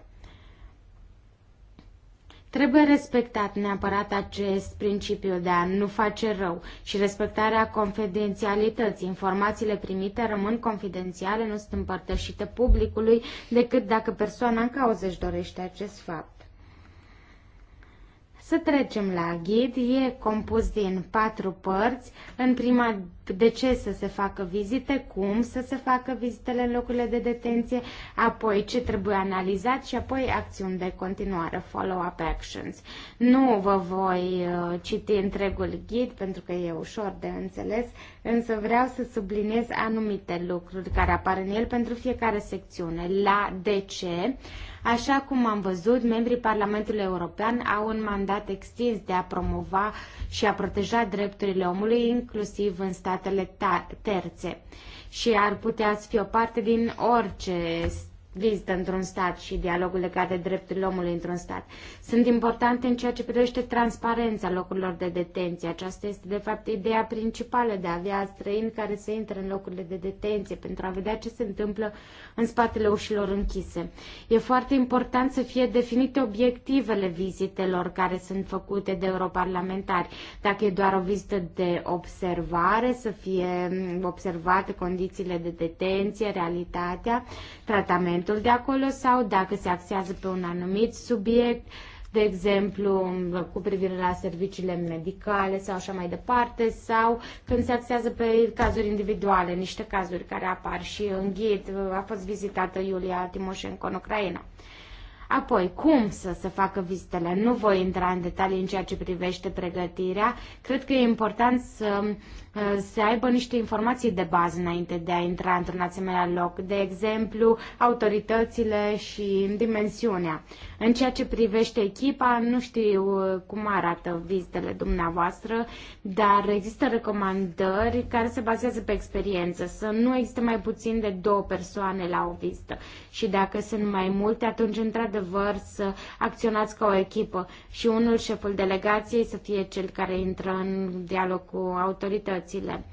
Trebuie respectat neapărat acest principiu de a nu face rău și respectarea confidențialității. Informațiile primite rămân confidențiale, nu sunt împărtășite publicului decât dacă persoana în cauză își dorește acest fapt. Să trecem la ghid. E compus din patru părți. În prima, de ce să se facă vizite, cum să se facă vizitele în locurile de detenție, apoi ce trebuie analizat și apoi acțiuni de continuare, follow-up actions. Nu vă voi uh, citi întregul ghid pentru că e ușor de înțeles, însă vreau să subliniez anumite lucruri care apar în el pentru fiecare secțiune. La de ce? Așa cum am văzut, membrii Parlamentului European au un mandat extins de a promova și a proteja drepturile omului, inclusiv în statele terțe și ar putea fi o parte din orice vizită într-un stat și dialogul legat de drepturile omului într-un stat. Sunt importante în ceea ce privește transparența locurilor de detenție. Aceasta este, de fapt, ideea principală de a avea străini care să intre în locurile de detenție pentru a vedea ce se întâmplă în spatele ușilor închise. E foarte important să fie definite obiectivele vizitelor care sunt făcute de europarlamentari. Dacă e doar o vizită de observare, să fie observate condițiile de detenție, realitatea, tratamentul de acolo sau dacă se axează pe un anumit subiect, de exemplu, cu privire la serviciile medicale sau așa mai departe, sau când se axează pe cazuri individuale, niște cazuri care apar și în ghid, a fost vizitată Iulia Timoșenko în Ucraina. Apoi, cum să se facă vizitele? Nu voi intra în detalii în ceea ce privește pregătirea. Cred că e important să Uh, să aibă niște informații de bază înainte de a intra într-un asemenea loc, de exemplu, autoritățile și dimensiunea. În ceea ce privește echipa, nu știu uh, cum arată vizitele dumneavoastră, dar există recomandări care se bazează pe experiență, să nu existe mai puțin de două persoane la o vizită și dacă sunt mai multe, atunci într-adevăr să acționați ca o echipă și unul șeful delegației să fie cel care intră în dialog cu autoritățile activitățile.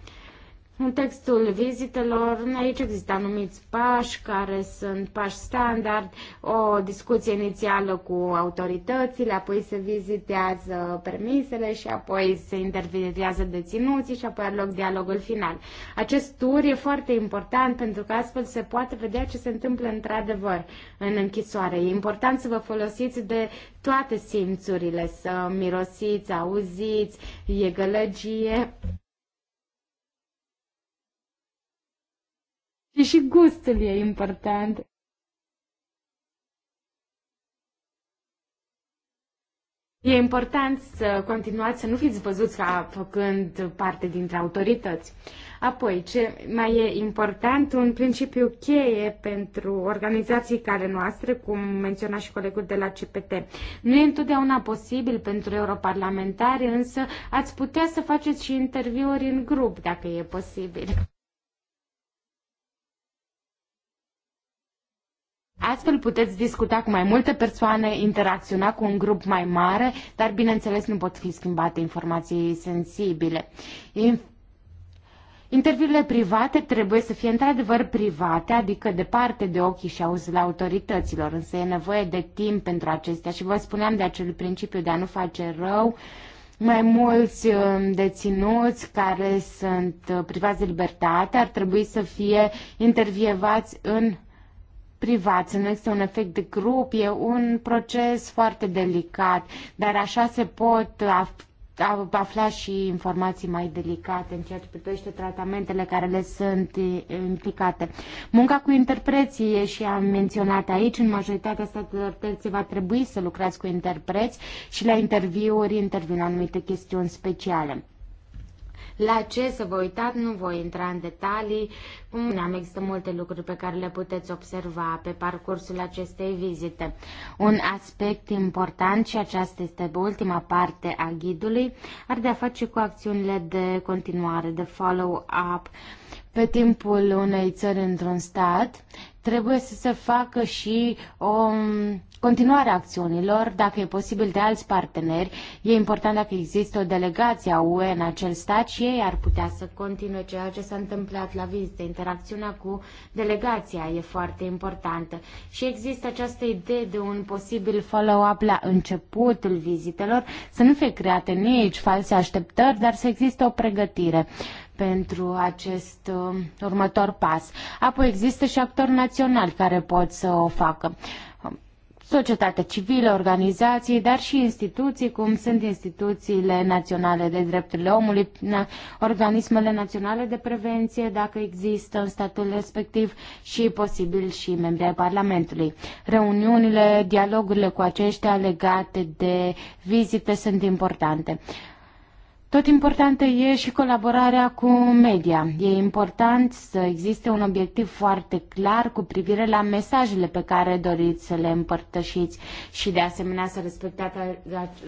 În textul vizitelor, aici există anumiți pași care sunt pași standard, o discuție inițială cu autoritățile, apoi se vizitează permisele și apoi se intervievează deținuții și apoi are loc dialogul final. Acest tur e foarte important pentru că astfel se poate vedea ce se întâmplă într-adevăr în închisoare. E important să vă folosiți de toate simțurile, să mirosiți, auziți, e gălăgie. Și și gustul e important. E important să continuați să nu fiți văzuți ca făcând parte dintre autorități. Apoi, ce mai e important, un principiu cheie pentru organizații care noastre, cum menționa și colegul de la CPT. Nu e întotdeauna posibil pentru europarlamentari, însă ați putea să faceți și interviuri în grup, dacă e posibil. Astfel puteți discuta cu mai multe persoane, interacționa cu un grup mai mare, dar bineînțeles nu pot fi schimbate informații sensibile. Interviurile private trebuie să fie într-adevăr private, adică departe de ochii și auzile autorităților, însă e nevoie de timp pentru acestea și vă spuneam de acel principiu de a nu face rău, mai mulți uh, deținuți care sunt uh, privați de libertate ar trebui să fie intervievați în privat, să nu este un efect de grup, e un proces foarte delicat, dar așa se pot afla și informații mai delicate în ceea ce privește tratamentele care le sunt implicate. Munca cu interpreții e și am menționat aici, în majoritatea statelor terții va trebui să lucrați cu interpreți și la interviuri intervin anumite chestiuni speciale. La ce să vă uitați, nu voi intra în detalii. Cum am există multe lucruri pe care le puteți observa pe parcursul acestei vizite. Un aspect important și aceasta este ultima parte a ghidului ar de a face cu acțiunile de continuare, de follow-up pe timpul unei țări într-un stat, trebuie să se facă și o continuarea acțiunilor, dacă e posibil de alți parteneri. E important dacă există o delegație a UE în acel stat și ei ar putea să continue ceea ce s-a întâmplat la vizită. Interacțiunea cu delegația e foarte importantă. Și există această idee de un posibil follow-up la începutul vizitelor, să nu fie create nici false așteptări, dar să existe o pregătire pentru acest uh, următor pas. Apoi există și actori naționali care pot să o facă societatea civilă, organizații, dar și instituții, cum sunt instituțiile naționale de drepturile omului, organismele naționale de prevenție, dacă există în statul respectiv, și posibil și membrii Parlamentului. Reuniunile, dialogurile cu aceștia legate de vizite sunt importante. Tot importantă e și colaborarea cu media. E important să existe un obiectiv foarte clar cu privire la mesajele pe care doriți să le împărtășiți și de asemenea să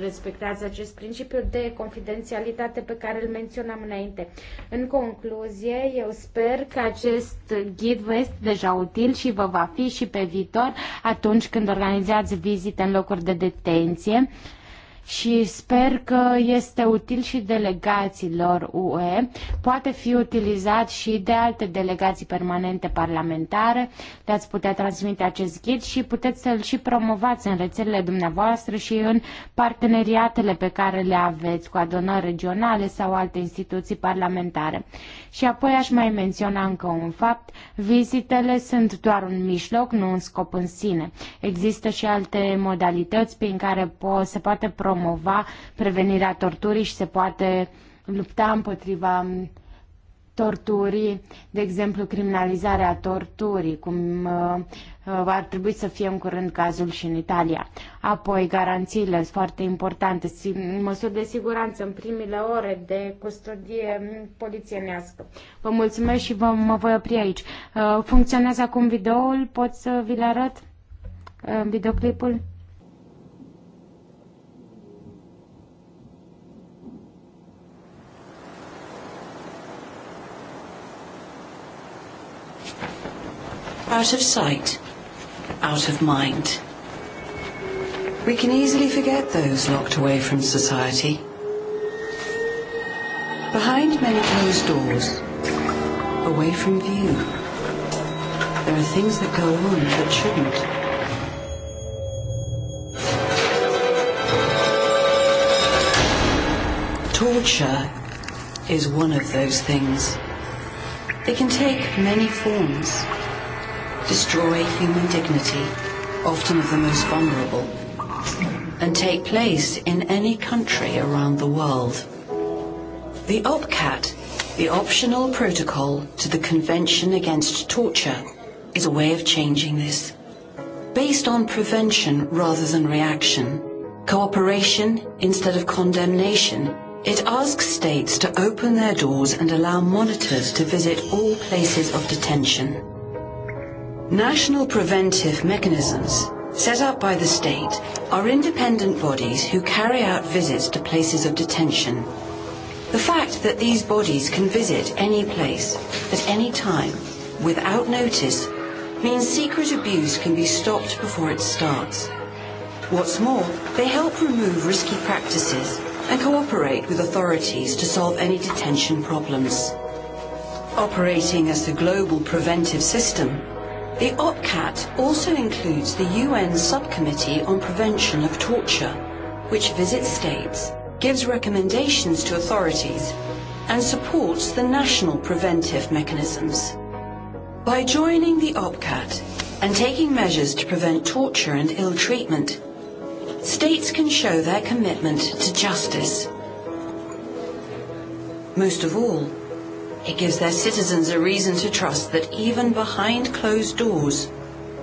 respectați acest principiu de confidențialitate pe care îl menționam înainte. În concluzie, eu sper că acest ghid vă este deja util și vă va fi și pe viitor atunci când organizați vizite în locuri de detenție și sper că este util și delegațiilor UE. Poate fi utilizat și de alte delegații permanente parlamentare. Le-ați putea transmite acest ghid și puteți să-l și promovați în rețelele dumneavoastră și în parteneriatele pe care le aveți cu adunări regionale sau alte instituții parlamentare. Și apoi aș mai menționa încă un fapt. Vizitele sunt doar un mijloc, nu un scop în sine. Există și alte modalități prin care po- se poate promova promova prevenirea torturii și se poate lupta împotriva torturii, de exemplu criminalizarea torturii, cum uh, ar trebui să fie în curând cazul și în Italia. Apoi garanțiile foarte importante, măsuri de siguranță în primele ore de custodie polițienească. Vă mulțumesc și vă, mă voi opri aici. Uh, funcționează acum videoul, pot să vi-l arăt? Uh, videoclipul? out of sight, out of mind. We can easily forget those locked away from society. Behind many closed doors, away from view, there are things that go on that shouldn't. Torture is one of those things. It can take many forms destroy human dignity, often of the most vulnerable, and take place in any country around the world. The OPCAT, the optional protocol to the Convention Against Torture, is a way of changing this. Based on prevention rather than reaction, cooperation instead of condemnation, It asks states to open their doors and allow monitors to visit all places of detention. National preventive mechanisms set up by the state are independent bodies who carry out visits to places of detention. The fact that these bodies can visit any place at any time without notice means secret abuse can be stopped before it starts. What's more, they help remove risky practices and cooperate with authorities to solve any detention problems. Operating as the global preventive system, The OPCAT also includes the UN Subcommittee on Prevention of Torture, which visits states, gives recommendations to authorities, and supports the national preventive mechanisms. By joining the OPCAT and taking measures to prevent torture and ill treatment, states can show their commitment to justice. Most of all, It gives their citizens a reason to trust that even behind closed doors,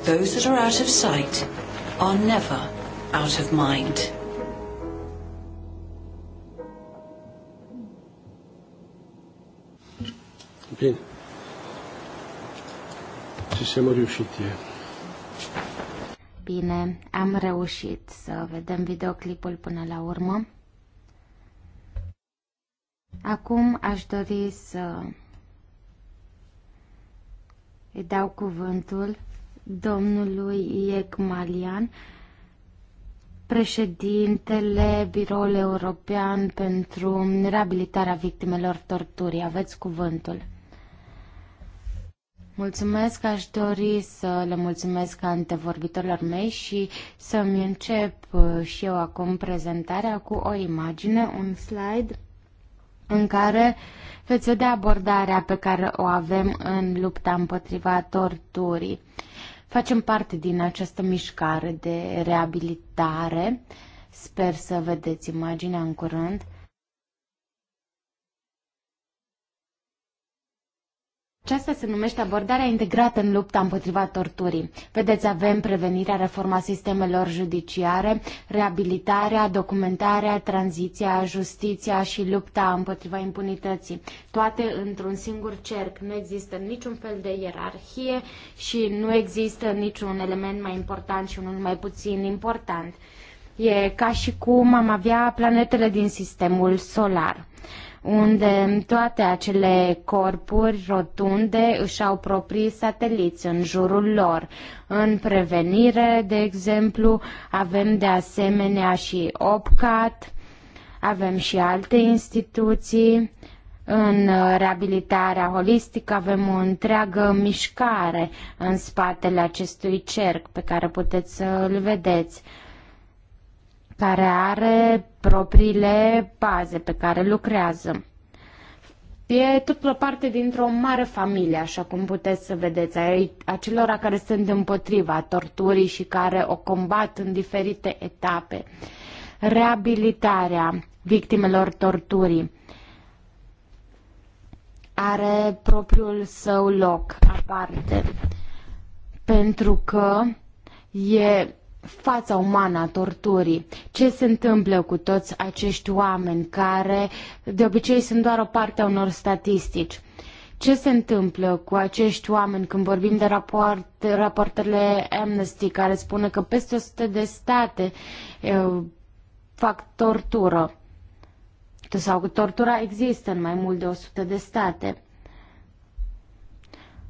those that are out of sight are never out of mind. Bene, ci siamo riusciti. Eh. Bine, am reușit să vedem videoclipul până la urmă. Acum aș dori să îi dau cuvântul domnului Iecmalian, președintele Biroul European pentru Reabilitarea Victimelor Torturii. Aveți cuvântul. Mulțumesc, aș dori să le mulțumesc antevorbitorilor mei și să-mi încep și eu acum prezentarea cu o imagine, un slide în care veți vedea abordarea pe care o avem în lupta împotriva torturii. Facem parte din această mișcare de reabilitare. Sper să vedeți imaginea în curând. Aceasta se numește abordarea integrată în lupta împotriva torturii. Vedeți, avem prevenirea, reforma sistemelor judiciare, reabilitarea, documentarea, tranziția, justiția și lupta împotriva impunității. Toate într-un singur cerc. Nu există niciun fel de ierarhie și nu există niciun element mai important și unul mai puțin important. E ca și cum am avea planetele din sistemul solar. Uh, unde toate acele corpuri rotunde își au proprii sateliți în jurul lor. În prevenire, de exemplu, avem de asemenea și OPCAT, avem și alte instituții, în reabilitarea holistică avem o întreagă mișcare în spatele acestui cerc pe care puteți să-l vedeți care are propriile baze pe care lucrează. E tot o parte dintr-o mare familie, așa cum puteți să vedeți, acelora care sunt împotriva torturii și care o combat în diferite etape. Reabilitarea victimelor torturii are propriul său loc aparte, pentru că e fața umană a torturii. Ce se întâmplă cu toți acești oameni care de obicei sunt doar o parte a unor statistici? Ce se întâmplă cu acești oameni când vorbim de raport, raportele Amnesty care spune că peste 100 de state eu, fac tortură? Sau că tortura există în mai mult de 100 de state.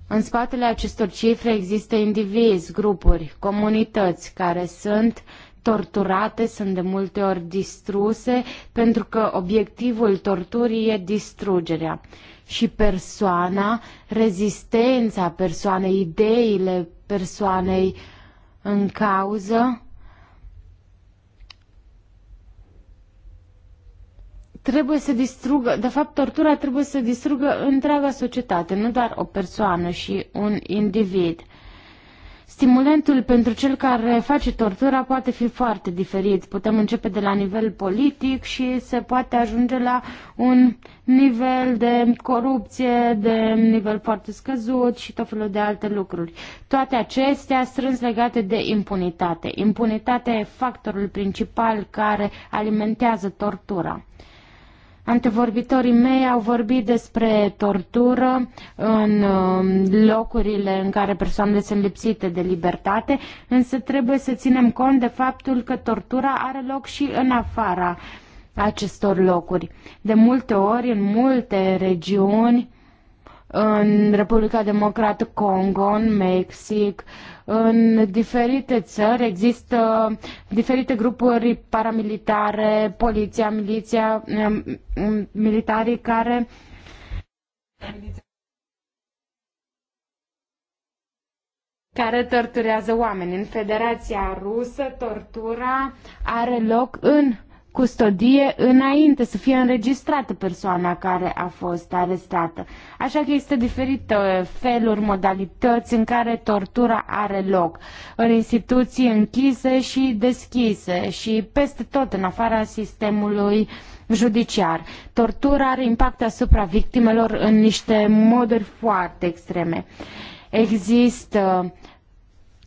În spatele acestor cifre există indivizi, grupuri, comunități care sunt torturate, sunt de multe ori distruse, pentru că obiectivul torturii e distrugerea. Și persoana, rezistența persoanei, ideile persoanei în cauză, trebuie să distrugă, de fapt tortura trebuie să distrugă întreaga societate, nu doar o persoană și un individ. Stimulentul pentru cel care face tortura poate fi foarte diferit. Putem începe de la nivel politic și se poate ajunge la un nivel de corupție, de nivel foarte scăzut și tot felul de alte lucruri. Toate acestea strâns legate de impunitate. Impunitatea e factorul principal care alimentează tortura. Antevorbitorii mei au vorbit despre tortură în um, locurile în care persoanele sunt lipsite de libertate, însă trebuie să ținem cont de faptul că tortura are loc și în afara acestor locuri. De multe ori, în multe regiuni, în Republica Democrată Congo, în Mexic, uh, în diferite țări există diferite grupuri paramilitare, poliția, miliția, um, um, militarii care care torturează oameni. În Federația Rusă, tortura are loc în custodie înainte să fie înregistrată persoana care a fost arestată. Așa că există diferite feluri, modalități în care tortura are loc, în instituții închise și deschise și peste tot în afara sistemului judiciar. Tortura are impact asupra victimelor în niște moduri foarte extreme. Există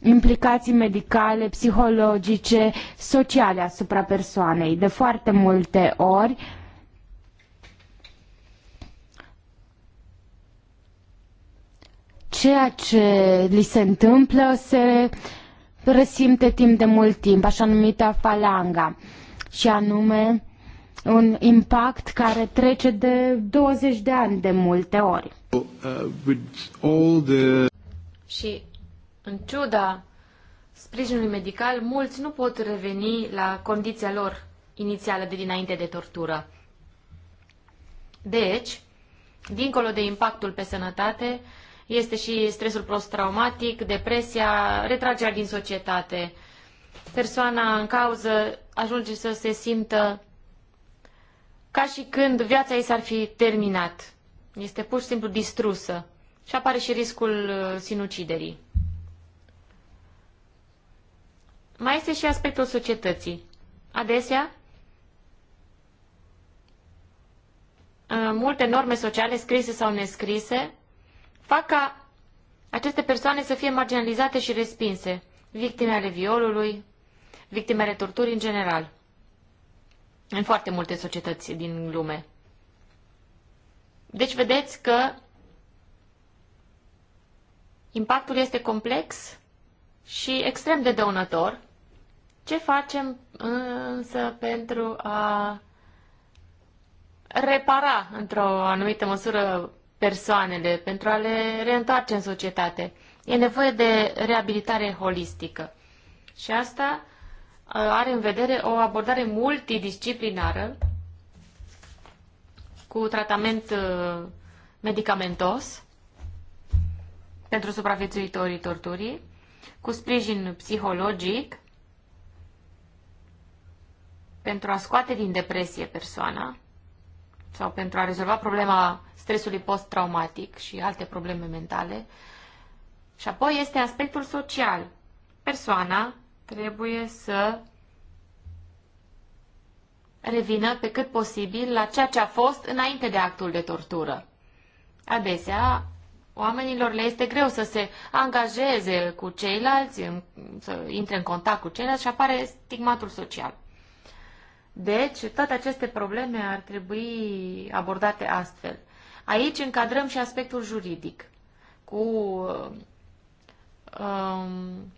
implicații medicale, psihologice, sociale asupra persoanei. De foarte multe ori, ceea ce li se întâmplă se resimte timp de mult timp, așa numită falanga, și anume un impact care trece de 20 de ani de multe ori. Uh, the... Și în ciuda sprijinului medical, mulți nu pot reveni la condiția lor inițială de dinainte de tortură. Deci, dincolo de impactul pe sănătate, este și stresul post-traumatic, depresia, retragerea din societate. Persoana în cauză ajunge să se simtă ca și când viața ei s-ar fi terminat. Este pur și simplu distrusă și apare și riscul uh, sinuciderii. Mai este și aspectul societății. Adesea, multe norme sociale, scrise sau nescrise, fac ca aceste persoane să fie marginalizate și respinse, victime ale violului, victime ale torturii în general, în foarte multe societăți din lume. Deci vedeți că impactul este complex și extrem de dăunător ce facem însă pentru a repara într-o anumită măsură persoanele, pentru a le reîntoarce în societate? E nevoie de reabilitare holistică. Și asta uh, are în vedere o abordare multidisciplinară cu tratament uh, medicamentos pentru supraviețuitorii torturii, cu sprijin psihologic, pentru a scoate din depresie persoana sau pentru a rezolva problema stresului post-traumatic și alte probleme mentale. Și apoi este aspectul social. Persoana trebuie să revină pe cât posibil la ceea ce a fost înainte de actul de tortură. Adesea, oamenilor le este greu să se angajeze cu ceilalți, să intre în contact cu ceilalți și apare stigmatul social. Deci, toate aceste probleme ar trebui abordate astfel. Aici încadrăm și aspectul juridic cu um,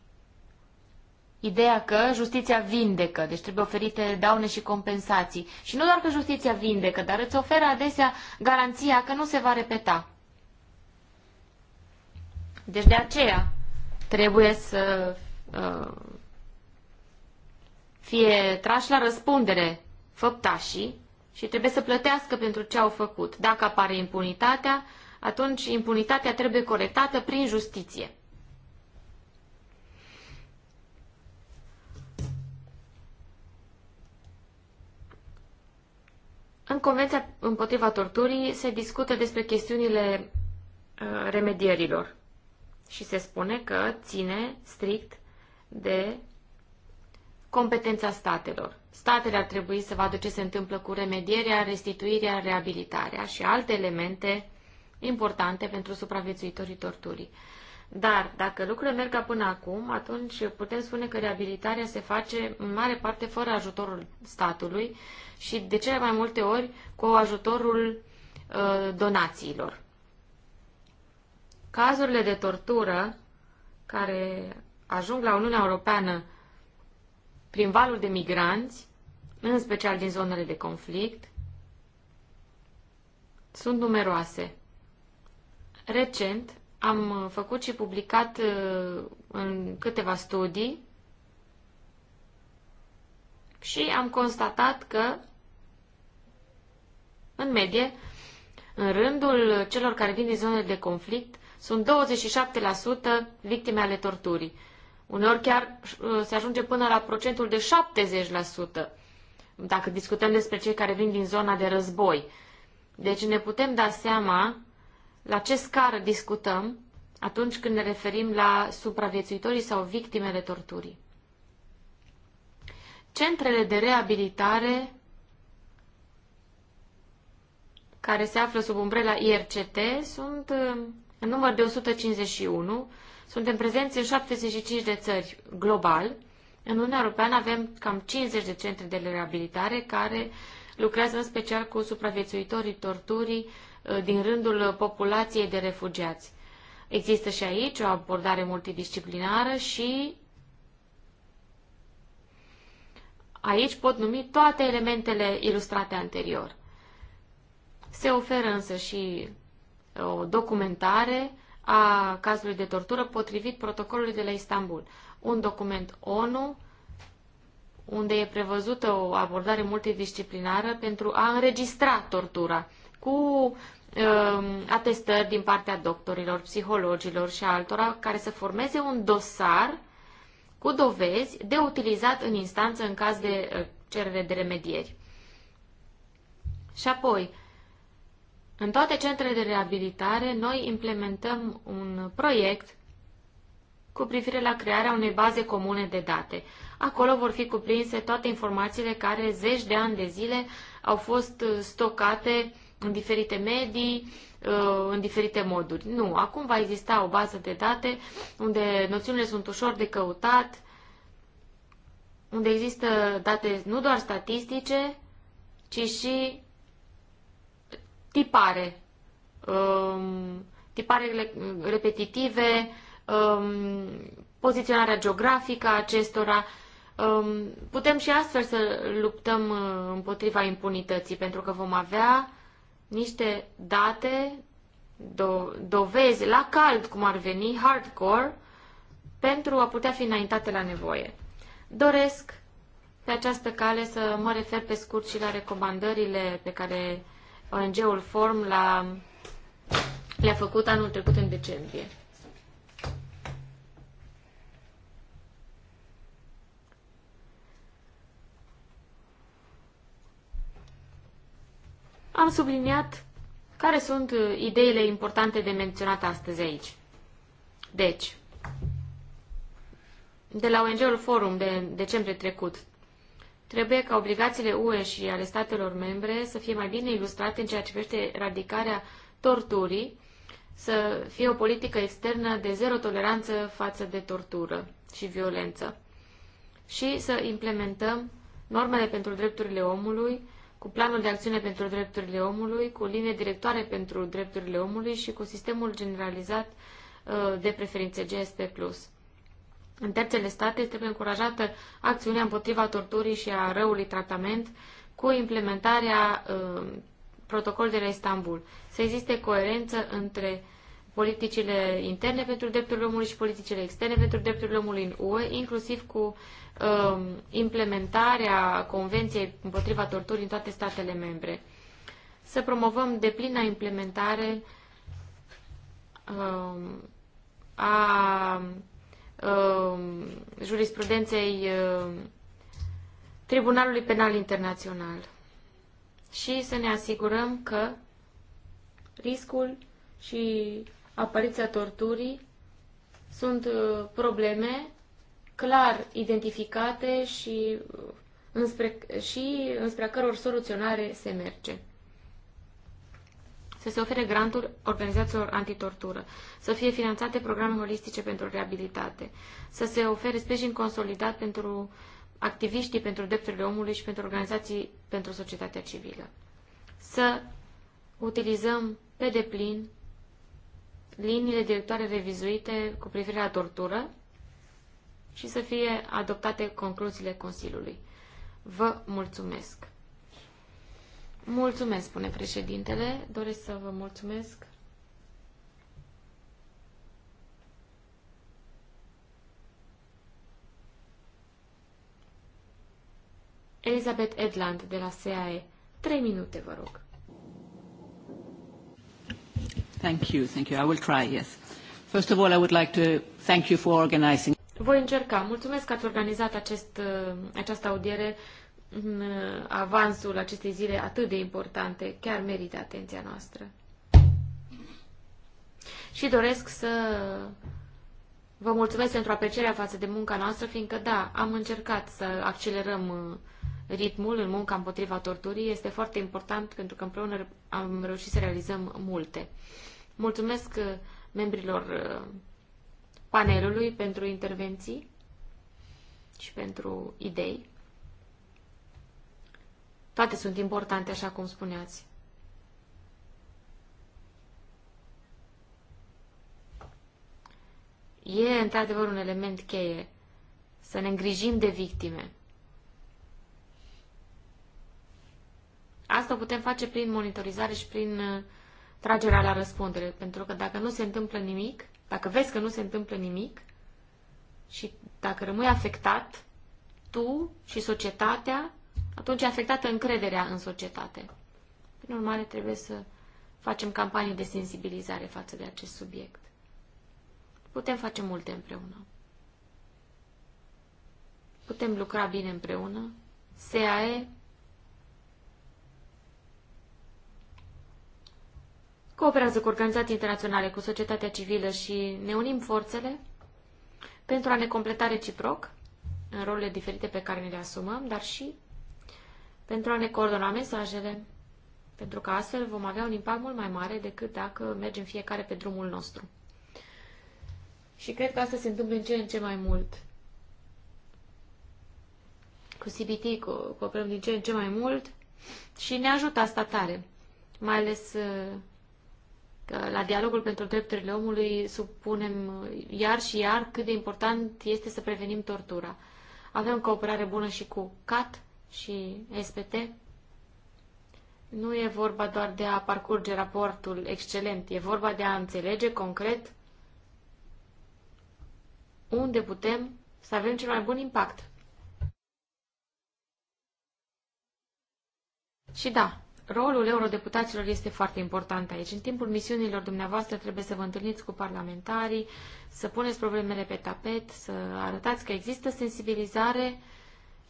ideea că justiția vindecă, deci trebuie oferite daune și compensații. Și nu doar că justiția vindecă, dar îți oferă adesea garanția că nu se va repeta. Deci de aceea trebuie să uh, fie trași la răspundere făptașii și trebuie să plătească pentru ce au făcut. Dacă apare impunitatea, atunci impunitatea trebuie corectată prin justiție. În Convenția împotriva torturii se discută despre chestiunile uh, remedierilor și se spune că ține strict de competența statelor. Statele ar trebui să vadă ce se întâmplă cu remedierea, restituirea, reabilitarea și alte elemente importante pentru supraviețuitorii torturii. Dar dacă lucrurile merg ca până acum, atunci putem spune că reabilitarea se face în mare parte fără ajutorul statului și de cele mai multe ori cu ajutorul uh, donațiilor. Cazurile de tortură care ajung la Uniunea Europeană prin valul de migranți, în special din zonele de conflict, sunt numeroase. Recent am făcut și publicat uh, în câteva studii și am constatat că, în medie, în rândul celor care vin din zonele de conflict, sunt 27% victime ale torturii Uneori chiar uh, se ajunge până la procentul de 70%, dacă discutăm despre cei care vin din zona de război. Deci ne putem da seama la ce scară discutăm atunci când ne referim la supraviețuitorii sau victimele torturii. Centrele de reabilitare care se află sub umbrela IRCT sunt uh, în număr de 151, suntem prezenți în 75 de țări global. În Uniunea Europeană avem cam 50 de centre de reabilitare care lucrează în special cu supraviețuitorii torturii uh, din rândul populației de refugiați. Există și aici o abordare multidisciplinară și aici pot numi toate elementele ilustrate anterior. Se oferă însă și uh, o documentare a cazului de tortură potrivit protocolului de la Istanbul, un document ONU unde e prevăzută o abordare multidisciplinară pentru a înregistra tortura cu uh, atestări din partea doctorilor, psihologilor și altora care să formeze un dosar cu dovezi de utilizat în instanță în caz de uh, cerere de remedieri. Și apoi, în toate centrele de reabilitare, noi implementăm un proiect cu privire la crearea unei baze comune de date. Acolo vor fi cuprinse toate informațiile care zeci de ani de zile au fost uh, stocate în diferite medii, uh, în diferite moduri. Nu, acum va exista o bază de date unde noțiunile sunt ușor de căutat, unde există date nu doar statistice, ci și tipare, um, tiparele repetitive, um, poziționarea geografică a acestora. Um, putem și astfel să luptăm uh, împotriva impunității, pentru că vom avea niște date, do, dovezi la cald, cum ar veni, hardcore, pentru a putea fi înaintate la nevoie. Doresc pe această cale să mă refer pe scurt și la recomandările pe care ONG-ul Form la, le-a făcut anul trecut în decembrie. Am subliniat care sunt uh, ideile importante de menționat astăzi aici. Deci, de la ONG-ul Forum de decembrie trecut, Trebuie ca obligațiile UE și ale statelor membre să fie mai bine ilustrate în ceea ce privește eradicarea torturii, să fie o politică externă de zero toleranță față de tortură și violență și să implementăm normele pentru drepturile omului, cu planul de acțiune pentru drepturile omului, cu linie directoare pentru drepturile omului și cu sistemul generalizat uh, de preferințe GSP+. În terțele state trebuie încurajată acțiunea împotriva torturii și a răului tratament cu implementarea uh, protocolului de la Istanbul. Să existe coerență între politicile interne pentru drepturile omului și politicile externe pentru drepturile omului în UE, inclusiv cu um, implementarea Convenției împotriva torturii în toate statele membre. Să promovăm deplina implementare um, a Um, jurisprudenței um, Tribunalului Penal Internațional și să ne asigurăm că riscul și apariția torturii sunt uh, probleme clar identificate și uh, înspre, și înspre a căror soluționare se merge să se ofere granturi organizațiilor antitortură, să fie finanțate programe holistice pentru reabilitate, să se ofere sprijin consolidat pentru activiștii pentru drepturile omului și pentru organizații pentru societatea civilă. Să utilizăm pe deplin liniile directoare revizuite cu privire la tortură și să fie adoptate concluziile Consiliului. Vă mulțumesc! Mulțumesc, spune președintele. Doresc să vă mulțumesc. Elizabeth Edland, de la SAE. Trei minute, vă rog. Thank you, thank you. I will try, yes. First of all, I would like to thank you for organizing. Voi încerca. Mulțumesc că ați organizat acest, uh, această audiere în uh, avansul acestei zile atât de importante, chiar merită atenția noastră. Și doresc să vă mulțumesc pentru aprecierea față de munca noastră, fiindcă, da, am încercat să accelerăm uh, ritmul în munca împotriva torturii. Este foarte important pentru că împreună am reușit să realizăm multe. Mulțumesc uh, membrilor panelului pentru intervenții și pentru idei. Toate sunt importante, așa cum spuneați. E, într-adevăr, un element cheie să ne îngrijim de victime. Asta o putem face prin monitorizare și prin uh, tragerea la răspundere, pentru că dacă nu se întâmplă nimic, dacă vezi că nu se întâmplă nimic și dacă rămâi afectat, tu și societatea atunci e afectată încrederea în societate. Prin urmare, trebuie să facem campanii de sensibilizare față de acest subiect. Putem face multe împreună. Putem lucra bine împreună. SAE cooperează cu organizații internaționale, cu societatea civilă și ne unim forțele pentru a ne completa reciproc în rolurile diferite pe care ne le asumăm, dar și pentru a ne coordona mesajele, pentru că astfel vom avea un impact mult mai mare decât dacă mergem fiecare pe drumul nostru. Și cred că asta se întâmplă în ce în ce mai mult. Cu CBT cooperăm din ce în ce mai mult și ne ajută asta tare, mai ales uh, că la dialogul pentru drepturile omului supunem iar și iar cât de important este să prevenim tortura. Avem cooperare bună și cu CAT, și SPT, nu e vorba doar de a parcurge raportul excelent, e vorba de a înțelege concret unde putem să avem cel mai bun impact. Și da, rolul eurodeputaților este foarte important aici. În timpul misiunilor dumneavoastră trebuie să vă întâlniți cu parlamentarii, să puneți problemele pe tapet, să arătați că există sensibilizare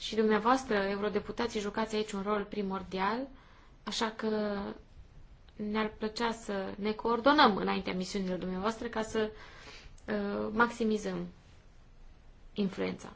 și dumneavoastră, eurodeputații, jucați aici un rol primordial, așa că ne-ar plăcea să ne coordonăm înaintea misiunilor dumneavoastră ca să uh, maximizăm influența.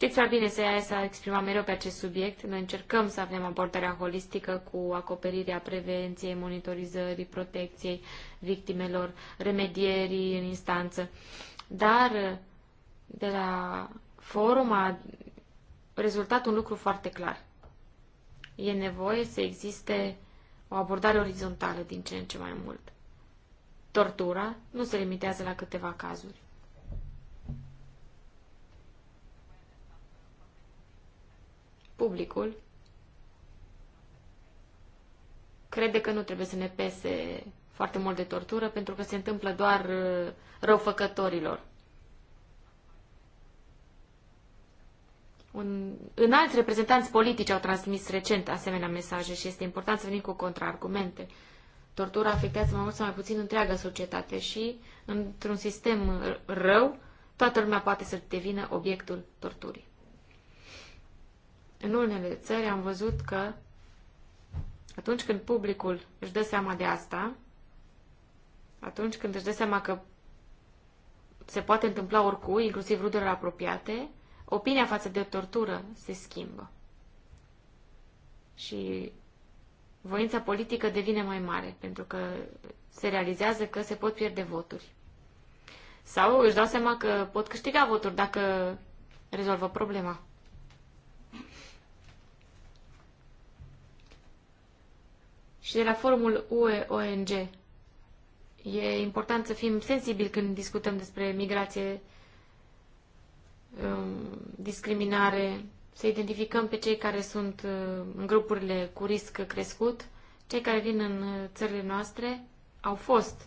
Știți foarte bine, SEAE s-a exprimat mereu pe acest subiect. Noi încercăm să avem abordarea holistică cu acoperirea prevenției, monitorizării, protecției victimelor, remedierii în instanță. Dar de la forum a rezultat un lucru foarte clar. E nevoie să existe o abordare orizontală din ce în ce mai mult. Tortura nu se limitează la câteva cazuri. publicul crede că nu trebuie să ne pese foarte mult de tortură, pentru că se întâmplă doar uh, răufăcătorilor. Un, în alți reprezentanți politici au transmis recent asemenea mesaje și este important să venim cu contraargumente. Tortura afectează mai mult sau mai puțin întreaga societate și, într-un sistem rău, toată lumea poate să devină obiectul torturii. În unele țări am văzut că atunci când publicul își dă seama de asta, atunci când își dă seama că se poate întâmpla oricui, inclusiv rudele apropiate, opinia față de tortură se schimbă. Și voința politică devine mai mare, pentru că se realizează că se pot pierde voturi. Sau își dau seama că pot câștiga voturi dacă rezolvă problema. și de la forumul UE-ONG. E important să fim sensibili când discutăm despre migrație, um, discriminare, să identificăm pe cei care sunt uh, în grupurile cu risc crescut. Cei care vin în uh, țările noastre au fost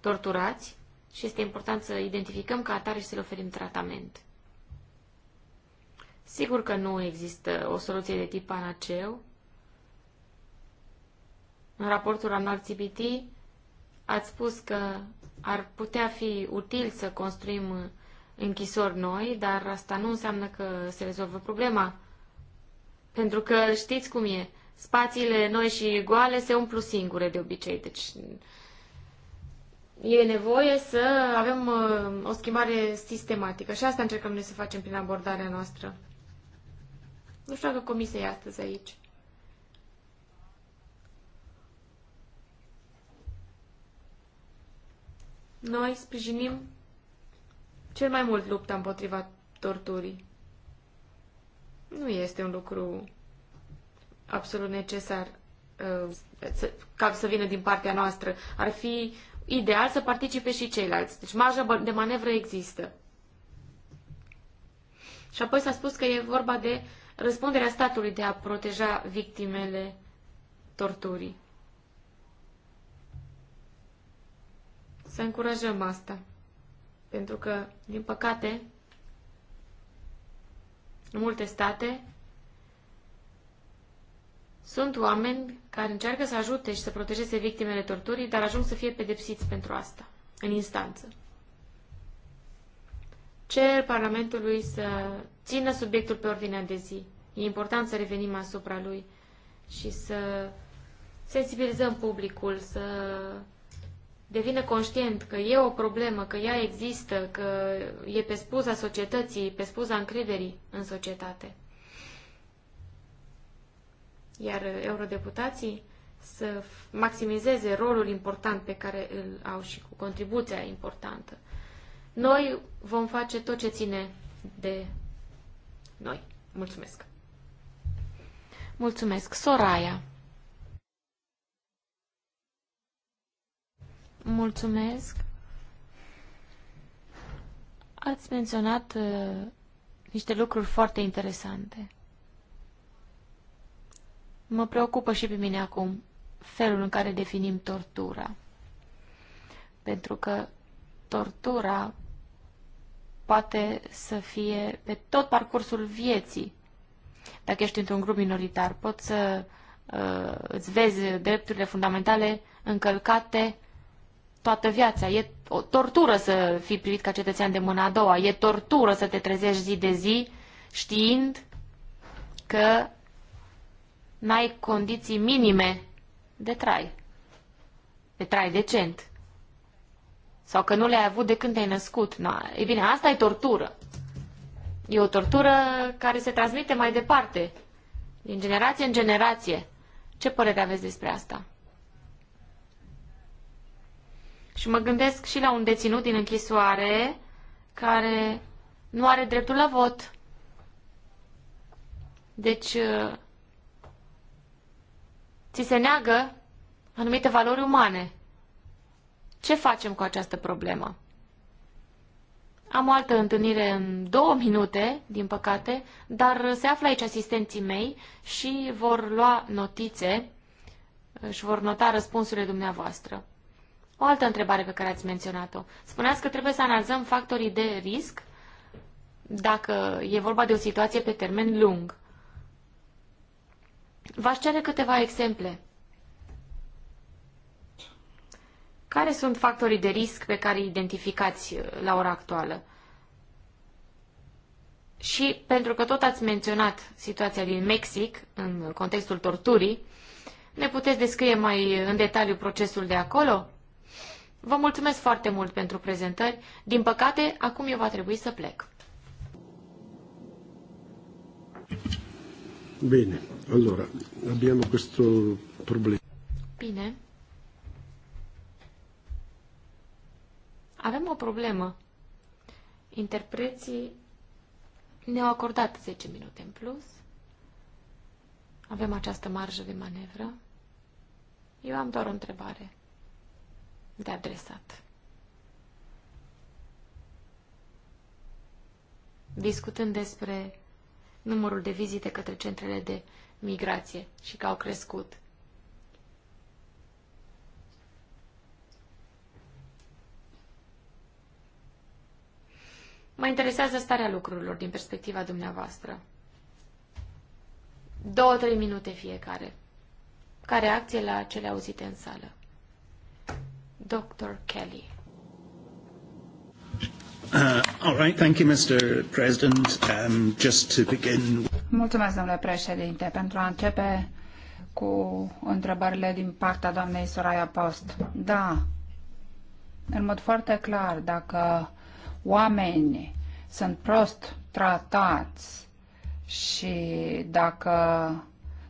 torturați și este important să identificăm ca atare și să le oferim tratament. Sigur că nu există o soluție de tip panaceu, în raportul anual CBT ați spus că ar putea fi util să construim închisori noi, dar asta nu înseamnă că se rezolvă problema. Pentru că știți cum e, spațiile noi și goale se umplu singure de obicei, deci e nevoie să avem uh, o schimbare sistematică și asta încercăm noi să facem prin abordarea noastră. Nu știu dacă comisia e astăzi aici. Noi sprijinim cel mai mult lupta împotriva torturii. Nu este un lucru absolut necesar uh, să, ca să vină din partea noastră. Ar fi ideal să participe și ceilalți. Deci marja de manevră există. Și apoi s-a spus că e vorba de răspunderea statului de a proteja victimele torturii. să încurajăm asta. Pentru că, din păcate, în multe state sunt oameni care încearcă să ajute și să protejeze victimele torturii, dar ajung să fie pedepsiți pentru asta, în instanță. Cer Parlamentului să țină subiectul pe ordinea de zi. E important să revenim asupra lui și să sensibilizăm publicul, să devine conștient că e o problemă, că ea există, că e pe spuza societății, pe spuza încrederii în societate. Iar eurodeputații să maximizeze rolul important pe care îl au și cu contribuția importantă. Noi vom face tot ce ține de noi. Mulțumesc! Mulțumesc, Soraya! Mulțumesc. Ați menționat uh, niște lucruri foarte interesante. Mă preocupă și pe mine acum felul în care definim tortura. Pentru că tortura poate să fie pe tot parcursul vieții. Dacă ești într-un grup minoritar, poți să uh, îți vezi drepturile fundamentale încălcate toată viața. E o tortură să fii privit ca cetățean de mâna a doua. E tortură să te trezești zi de zi știind că n-ai condiții minime de trai. De trai decent. Sau că nu le-ai avut de când te-ai născut. Na, e bine, asta e tortură. E o tortură care se transmite mai departe, din generație în generație. Ce părere aveți despre asta? Și mă gândesc și la un deținut din închisoare care nu are dreptul la vot. Deci, uh, ți se neagă anumite valori umane. Ce facem cu această problemă? Am o altă întâlnire în două minute, din păcate, dar se află aici asistenții mei și vor lua notițe și vor nota răspunsurile dumneavoastră. O altă întrebare pe care ați menționat-o. Spuneați că trebuie să analizăm factorii de risc dacă e vorba de o situație pe termen lung. V-aș cere câteva exemple. Care sunt factorii de risc pe care îi identificați uh, la ora actuală? Și pentru că tot ați menționat situația din Mexic în contextul torturii, ne puteți descrie mai în detaliu procesul de acolo? Vă mulțumesc foarte mult pentru prezentări. Din păcate, acum eu va trebui să plec. Bine, allora, abbiamo questo problema. Bine. Avem o problemă. Interpreții ne-au acordat 10 minute în plus. Avem această marjă de manevră. Eu am doar o întrebare de adresat. Discutând despre numărul de vizite către centrele de migrație și că au crescut. Mă interesează starea lucrurilor din perspectiva dumneavoastră. Două, trei minute fiecare. Ca reacție la cele auzite în sală. Dr. Kelly. Uh, all right, thank you, Mr. President. Um, just to begin... Mulțumesc, domnule președinte, pentru a începe cu întrebările din partea doamnei Soraya Post. Da, în mod foarte clar, dacă oamenii sunt prost tratați și dacă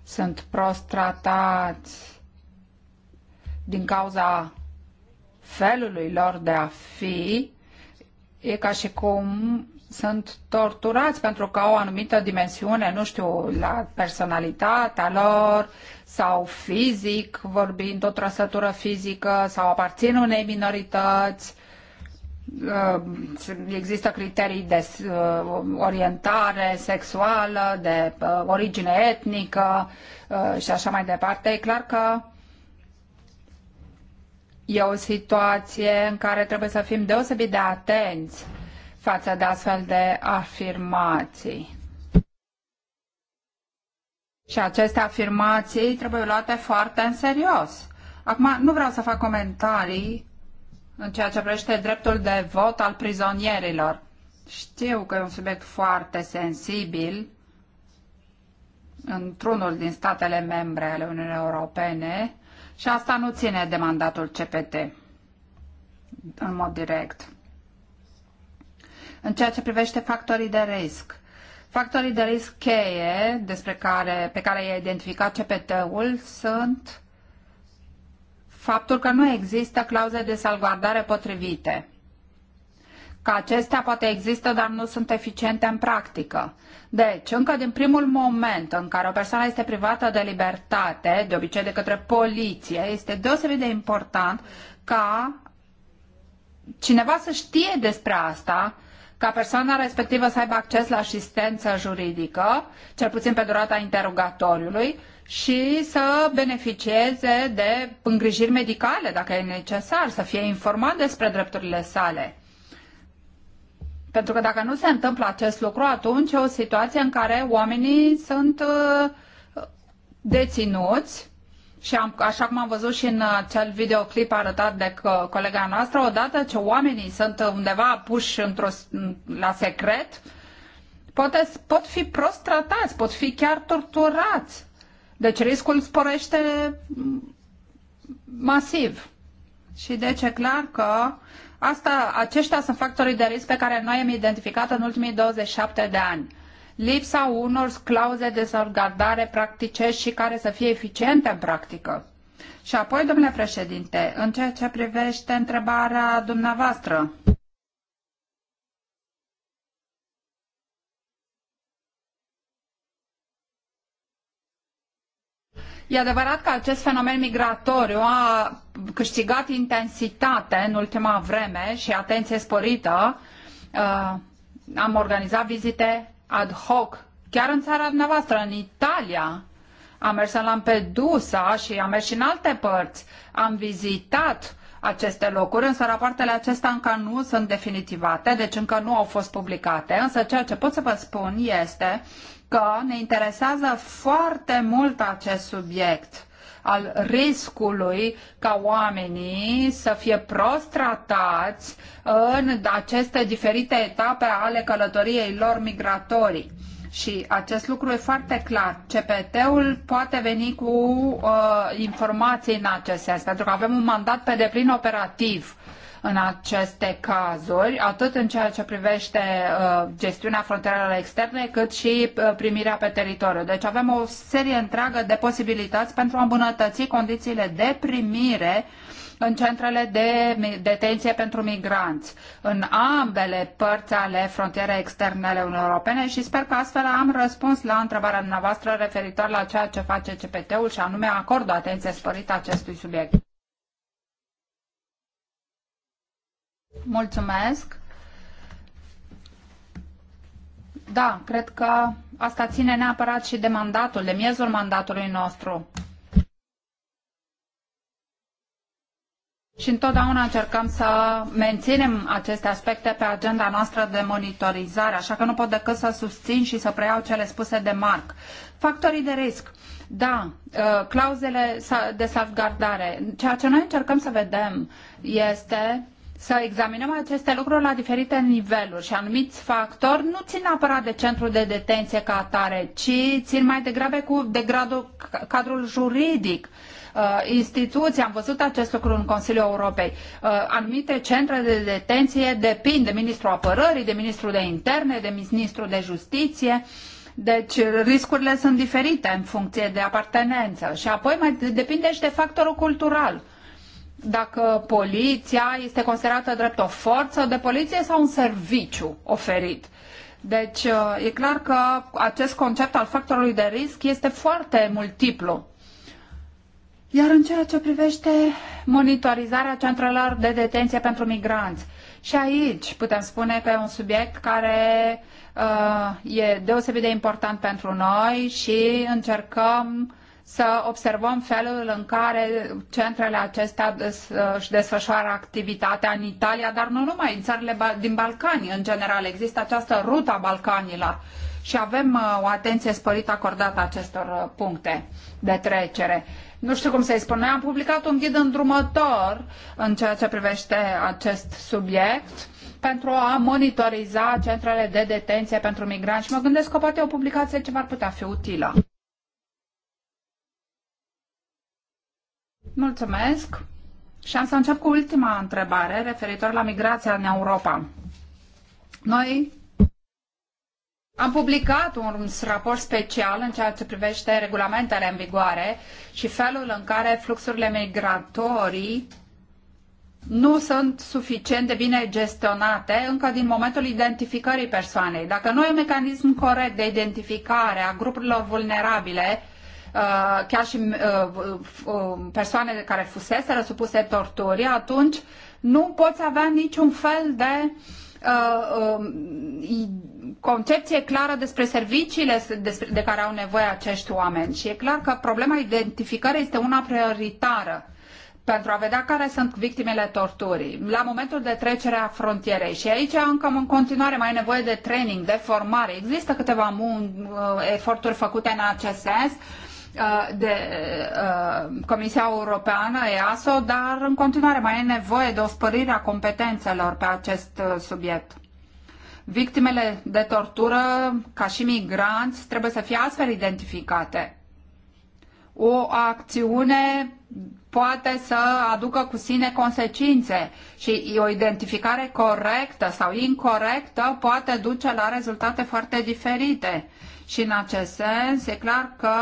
sunt prost tratați din cauza felului lor de a fi, e ca și cum sunt torturați pentru că au o anumită dimensiune, nu știu, la personalitatea lor sau fizic, vorbind o trăsătură fizică sau aparțin unei minorități. Uh, există criterii de uh, orientare sexuală, de uh, origine etnică și așa mai departe. E clar că E o situație în care trebuie să fim deosebit de atenți față de astfel de afirmații. Și aceste afirmații trebuie luate foarte în serios. Acum, nu vreau să fac comentarii în ceea ce privește dreptul de vot al prizonierilor. Știu că e un subiect foarte sensibil într-unul din statele membre ale Uniunii Europene, și asta nu ține de mandatul CPT în mod direct. În ceea ce privește factorii de risc, factorii de risc cheie despre care, pe care i-a identificat CPT-ul sunt faptul că nu există clauze de salvgardare potrivite că acestea poate există, dar nu sunt eficiente în practică. Deci, încă din primul moment în care o persoană este privată de libertate, de obicei de către poliție, este deosebit de important ca cineva să știe despre asta, ca persoana respectivă să aibă acces la asistență juridică, cel puțin pe durata interogatoriului, și să beneficieze de îngrijiri medicale, dacă e necesar, să fie informat despre drepturile sale. Pentru că dacă nu se întâmplă acest lucru, atunci e o situație în care oamenii sunt uh, deținuți și am, așa cum am văzut și în acel videoclip arătat de co colega noastră, odată ce oamenii sunt undeva puși într-o, la secret, poate, pot fi prost tratați, pot fi chiar torturați. Deci riscul sporește masiv. Și deci e clar că Asta, aceștia sunt factorii de risc pe care noi am identificat în ultimii 27 de ani. Lipsa unor clauze de salvgardare practice și care să fie eficiente în practică. Și apoi, domnule președinte, în ceea ce privește întrebarea dumneavoastră, E adevărat că acest fenomen migratoriu a câștigat intensitate în ultima vreme și atenție sporită. Uh, am organizat vizite ad hoc chiar în țara noastră, în Italia. Am mers în Lampedusa și am mers și în alte părți. Am vizitat aceste locuri, însă rapoartele acestea încă nu sunt definitivate, deci încă nu au fost publicate. Însă ceea ce pot să vă spun este că ne interesează foarte mult acest subiect al riscului ca oamenii să fie prost tratați în aceste diferite etape ale călătoriei lor migratorii. Și acest lucru e foarte clar. CPT-ul poate veni cu uh, informații în acest sens, pentru că avem un mandat pe deplin operativ. Uh, în aceste cazuri, atât în ceea ce privește uh, gestiunea frontierelor externe, cât și uh, primirea pe teritoriu. Deci avem o serie întreagă de posibilități pentru a îmbunătăți condițiile de primire în centrele de detenție pentru migranți, în ambele părți ale frontierei externe ale Uniunii Europene și sper că astfel am răspuns la întrebarea dumneavoastră referitor la ceea ce face CPT-ul și anume acordă atenție sporită acestui subiect. Mulțumesc. Da, cred că asta ține neapărat și de mandatul, de miezul mandatului nostru. Și întotdeauna încercăm să menținem aceste aspecte pe agenda noastră de monitorizare, așa că nu pot decât să susțin și să preiau cele spuse de Marc. Factorii de risc. Da, uh, clauzele de salvgardare. Ceea ce noi încercăm să vedem este să examinăm aceste lucruri la diferite niveluri și anumiți factori nu țin neapărat de centrul de detenție ca atare, ci țin mai degrabă cu de cadrul juridic uh, instituții, am văzut acest lucru în Consiliul Europei, uh, anumite centre de detenție depind de ministrul apărării, de ministrul de interne, de ministrul de justiție. Deci riscurile sunt diferite în funcție de apartenență și apoi mai depinde și de factorul cultural dacă poliția este considerată drept o forță de poliție sau un serviciu oferit. Deci uh, e clar că acest concept al factorului de risc este foarte multiplu. Iar în ceea ce privește monitorizarea centrelor de detenție pentru migranți, și aici putem spune că e un subiect care uh, e deosebit de important pentru noi și încercăm să observăm felul în care centrele acestea își desfășoară activitatea în Italia, dar nu numai, în țările din Balcani, în general. Există această ruta Balcanilor și avem uh, o atenție sporită acordată acestor uh, puncte de trecere. Nu știu cum să-i spun. Noi am publicat un ghid îndrumător în ceea ce privește acest subiect pentru a monitoriza centrele de detenție pentru migranți și mă gândesc că poate o publicație ceva ar putea fi utilă. Mulțumesc. Și am să încep cu ultima întrebare referitor la migrația în Europa. Noi am publicat un raport special în ceea ce privește regulamentele în vigoare și felul în care fluxurile migratorii nu sunt suficient de bine gestionate încă din momentul identificării persoanei. Dacă nu e un mecanism corect de identificare a grupurilor vulnerabile, Uh, chiar și uh, uh, persoane care fusese răsupuse torturii, atunci nu poți avea niciun fel de um, concepție clară despre serviciile de care au nevoie acești oameni. Și e clar că problema identificării este una prioritară pentru a vedea care sunt victimele torturii, la momentul de trecere a frontierei. Și aici încă în continuare mai e nevoie de training, de formare. Există câteva mun- eforturi făcute în acest sens Uh, de uh, Comisia Europeană, EASO, dar în continuare mai e nevoie de o spărire a competențelor pe acest uh, subiect. Victimele de tortură, ca și migranți, trebuie să fie astfel identificate. O acțiune poate să aducă cu sine consecințe și o identificare corectă sau incorrectă poate duce la rezultate foarte diferite. Și în acest sens e clar că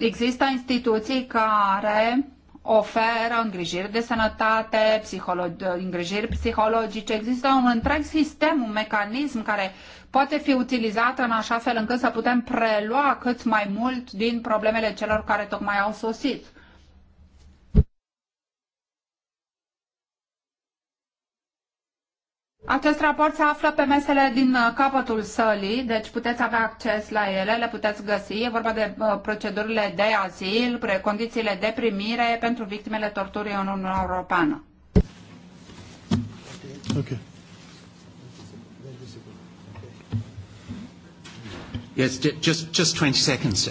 Există instituții care oferă îngrijiri de sănătate, psiholo- îngrijiri psihologice. Există un întreg sistem, un mecanism care poate fi utilizat în așa fel încât să putem prelua cât mai mult din problemele celor care tocmai au sosit. Acest raport se află pe mesele din uh, capătul sălii, deci puteți avea acces la ele, le puteți găsi. E vorba de uh, procedurile de azil, condițiile de primire pentru victimele torturii în Uniunea Europeană. Okay. Yes, just, just 20 seconds.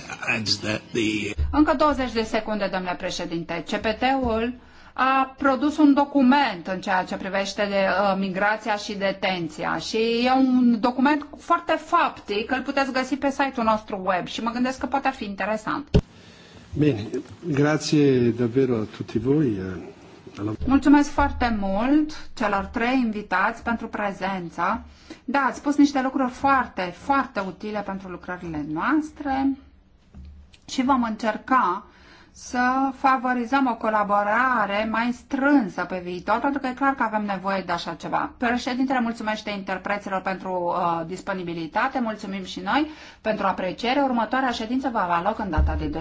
The... Încă 20 de secunde, domnule președinte. CPT-ul a produs un document în ceea ce privește de, uh, migrația și detenția și e un document foarte faptic, îl puteți găsi pe site-ul nostru web și mă gândesc că poate ar fi interesant. Bine, grație davvero a tutti voi. Uh, Mulțumesc foarte mult celor trei invitați pentru prezența. Da, ați spus niște lucruri foarte, foarte utile pentru lucrările noastre și vom încerca să favorizăm o colaborare mai strânsă pe viitor, pentru că e clar că avem nevoie de așa ceva. Președintele mulțumește interpreților pentru uh, disponibilitate, mulțumim și noi pentru apreciere. Următoarea ședință va avea loc în data de 12.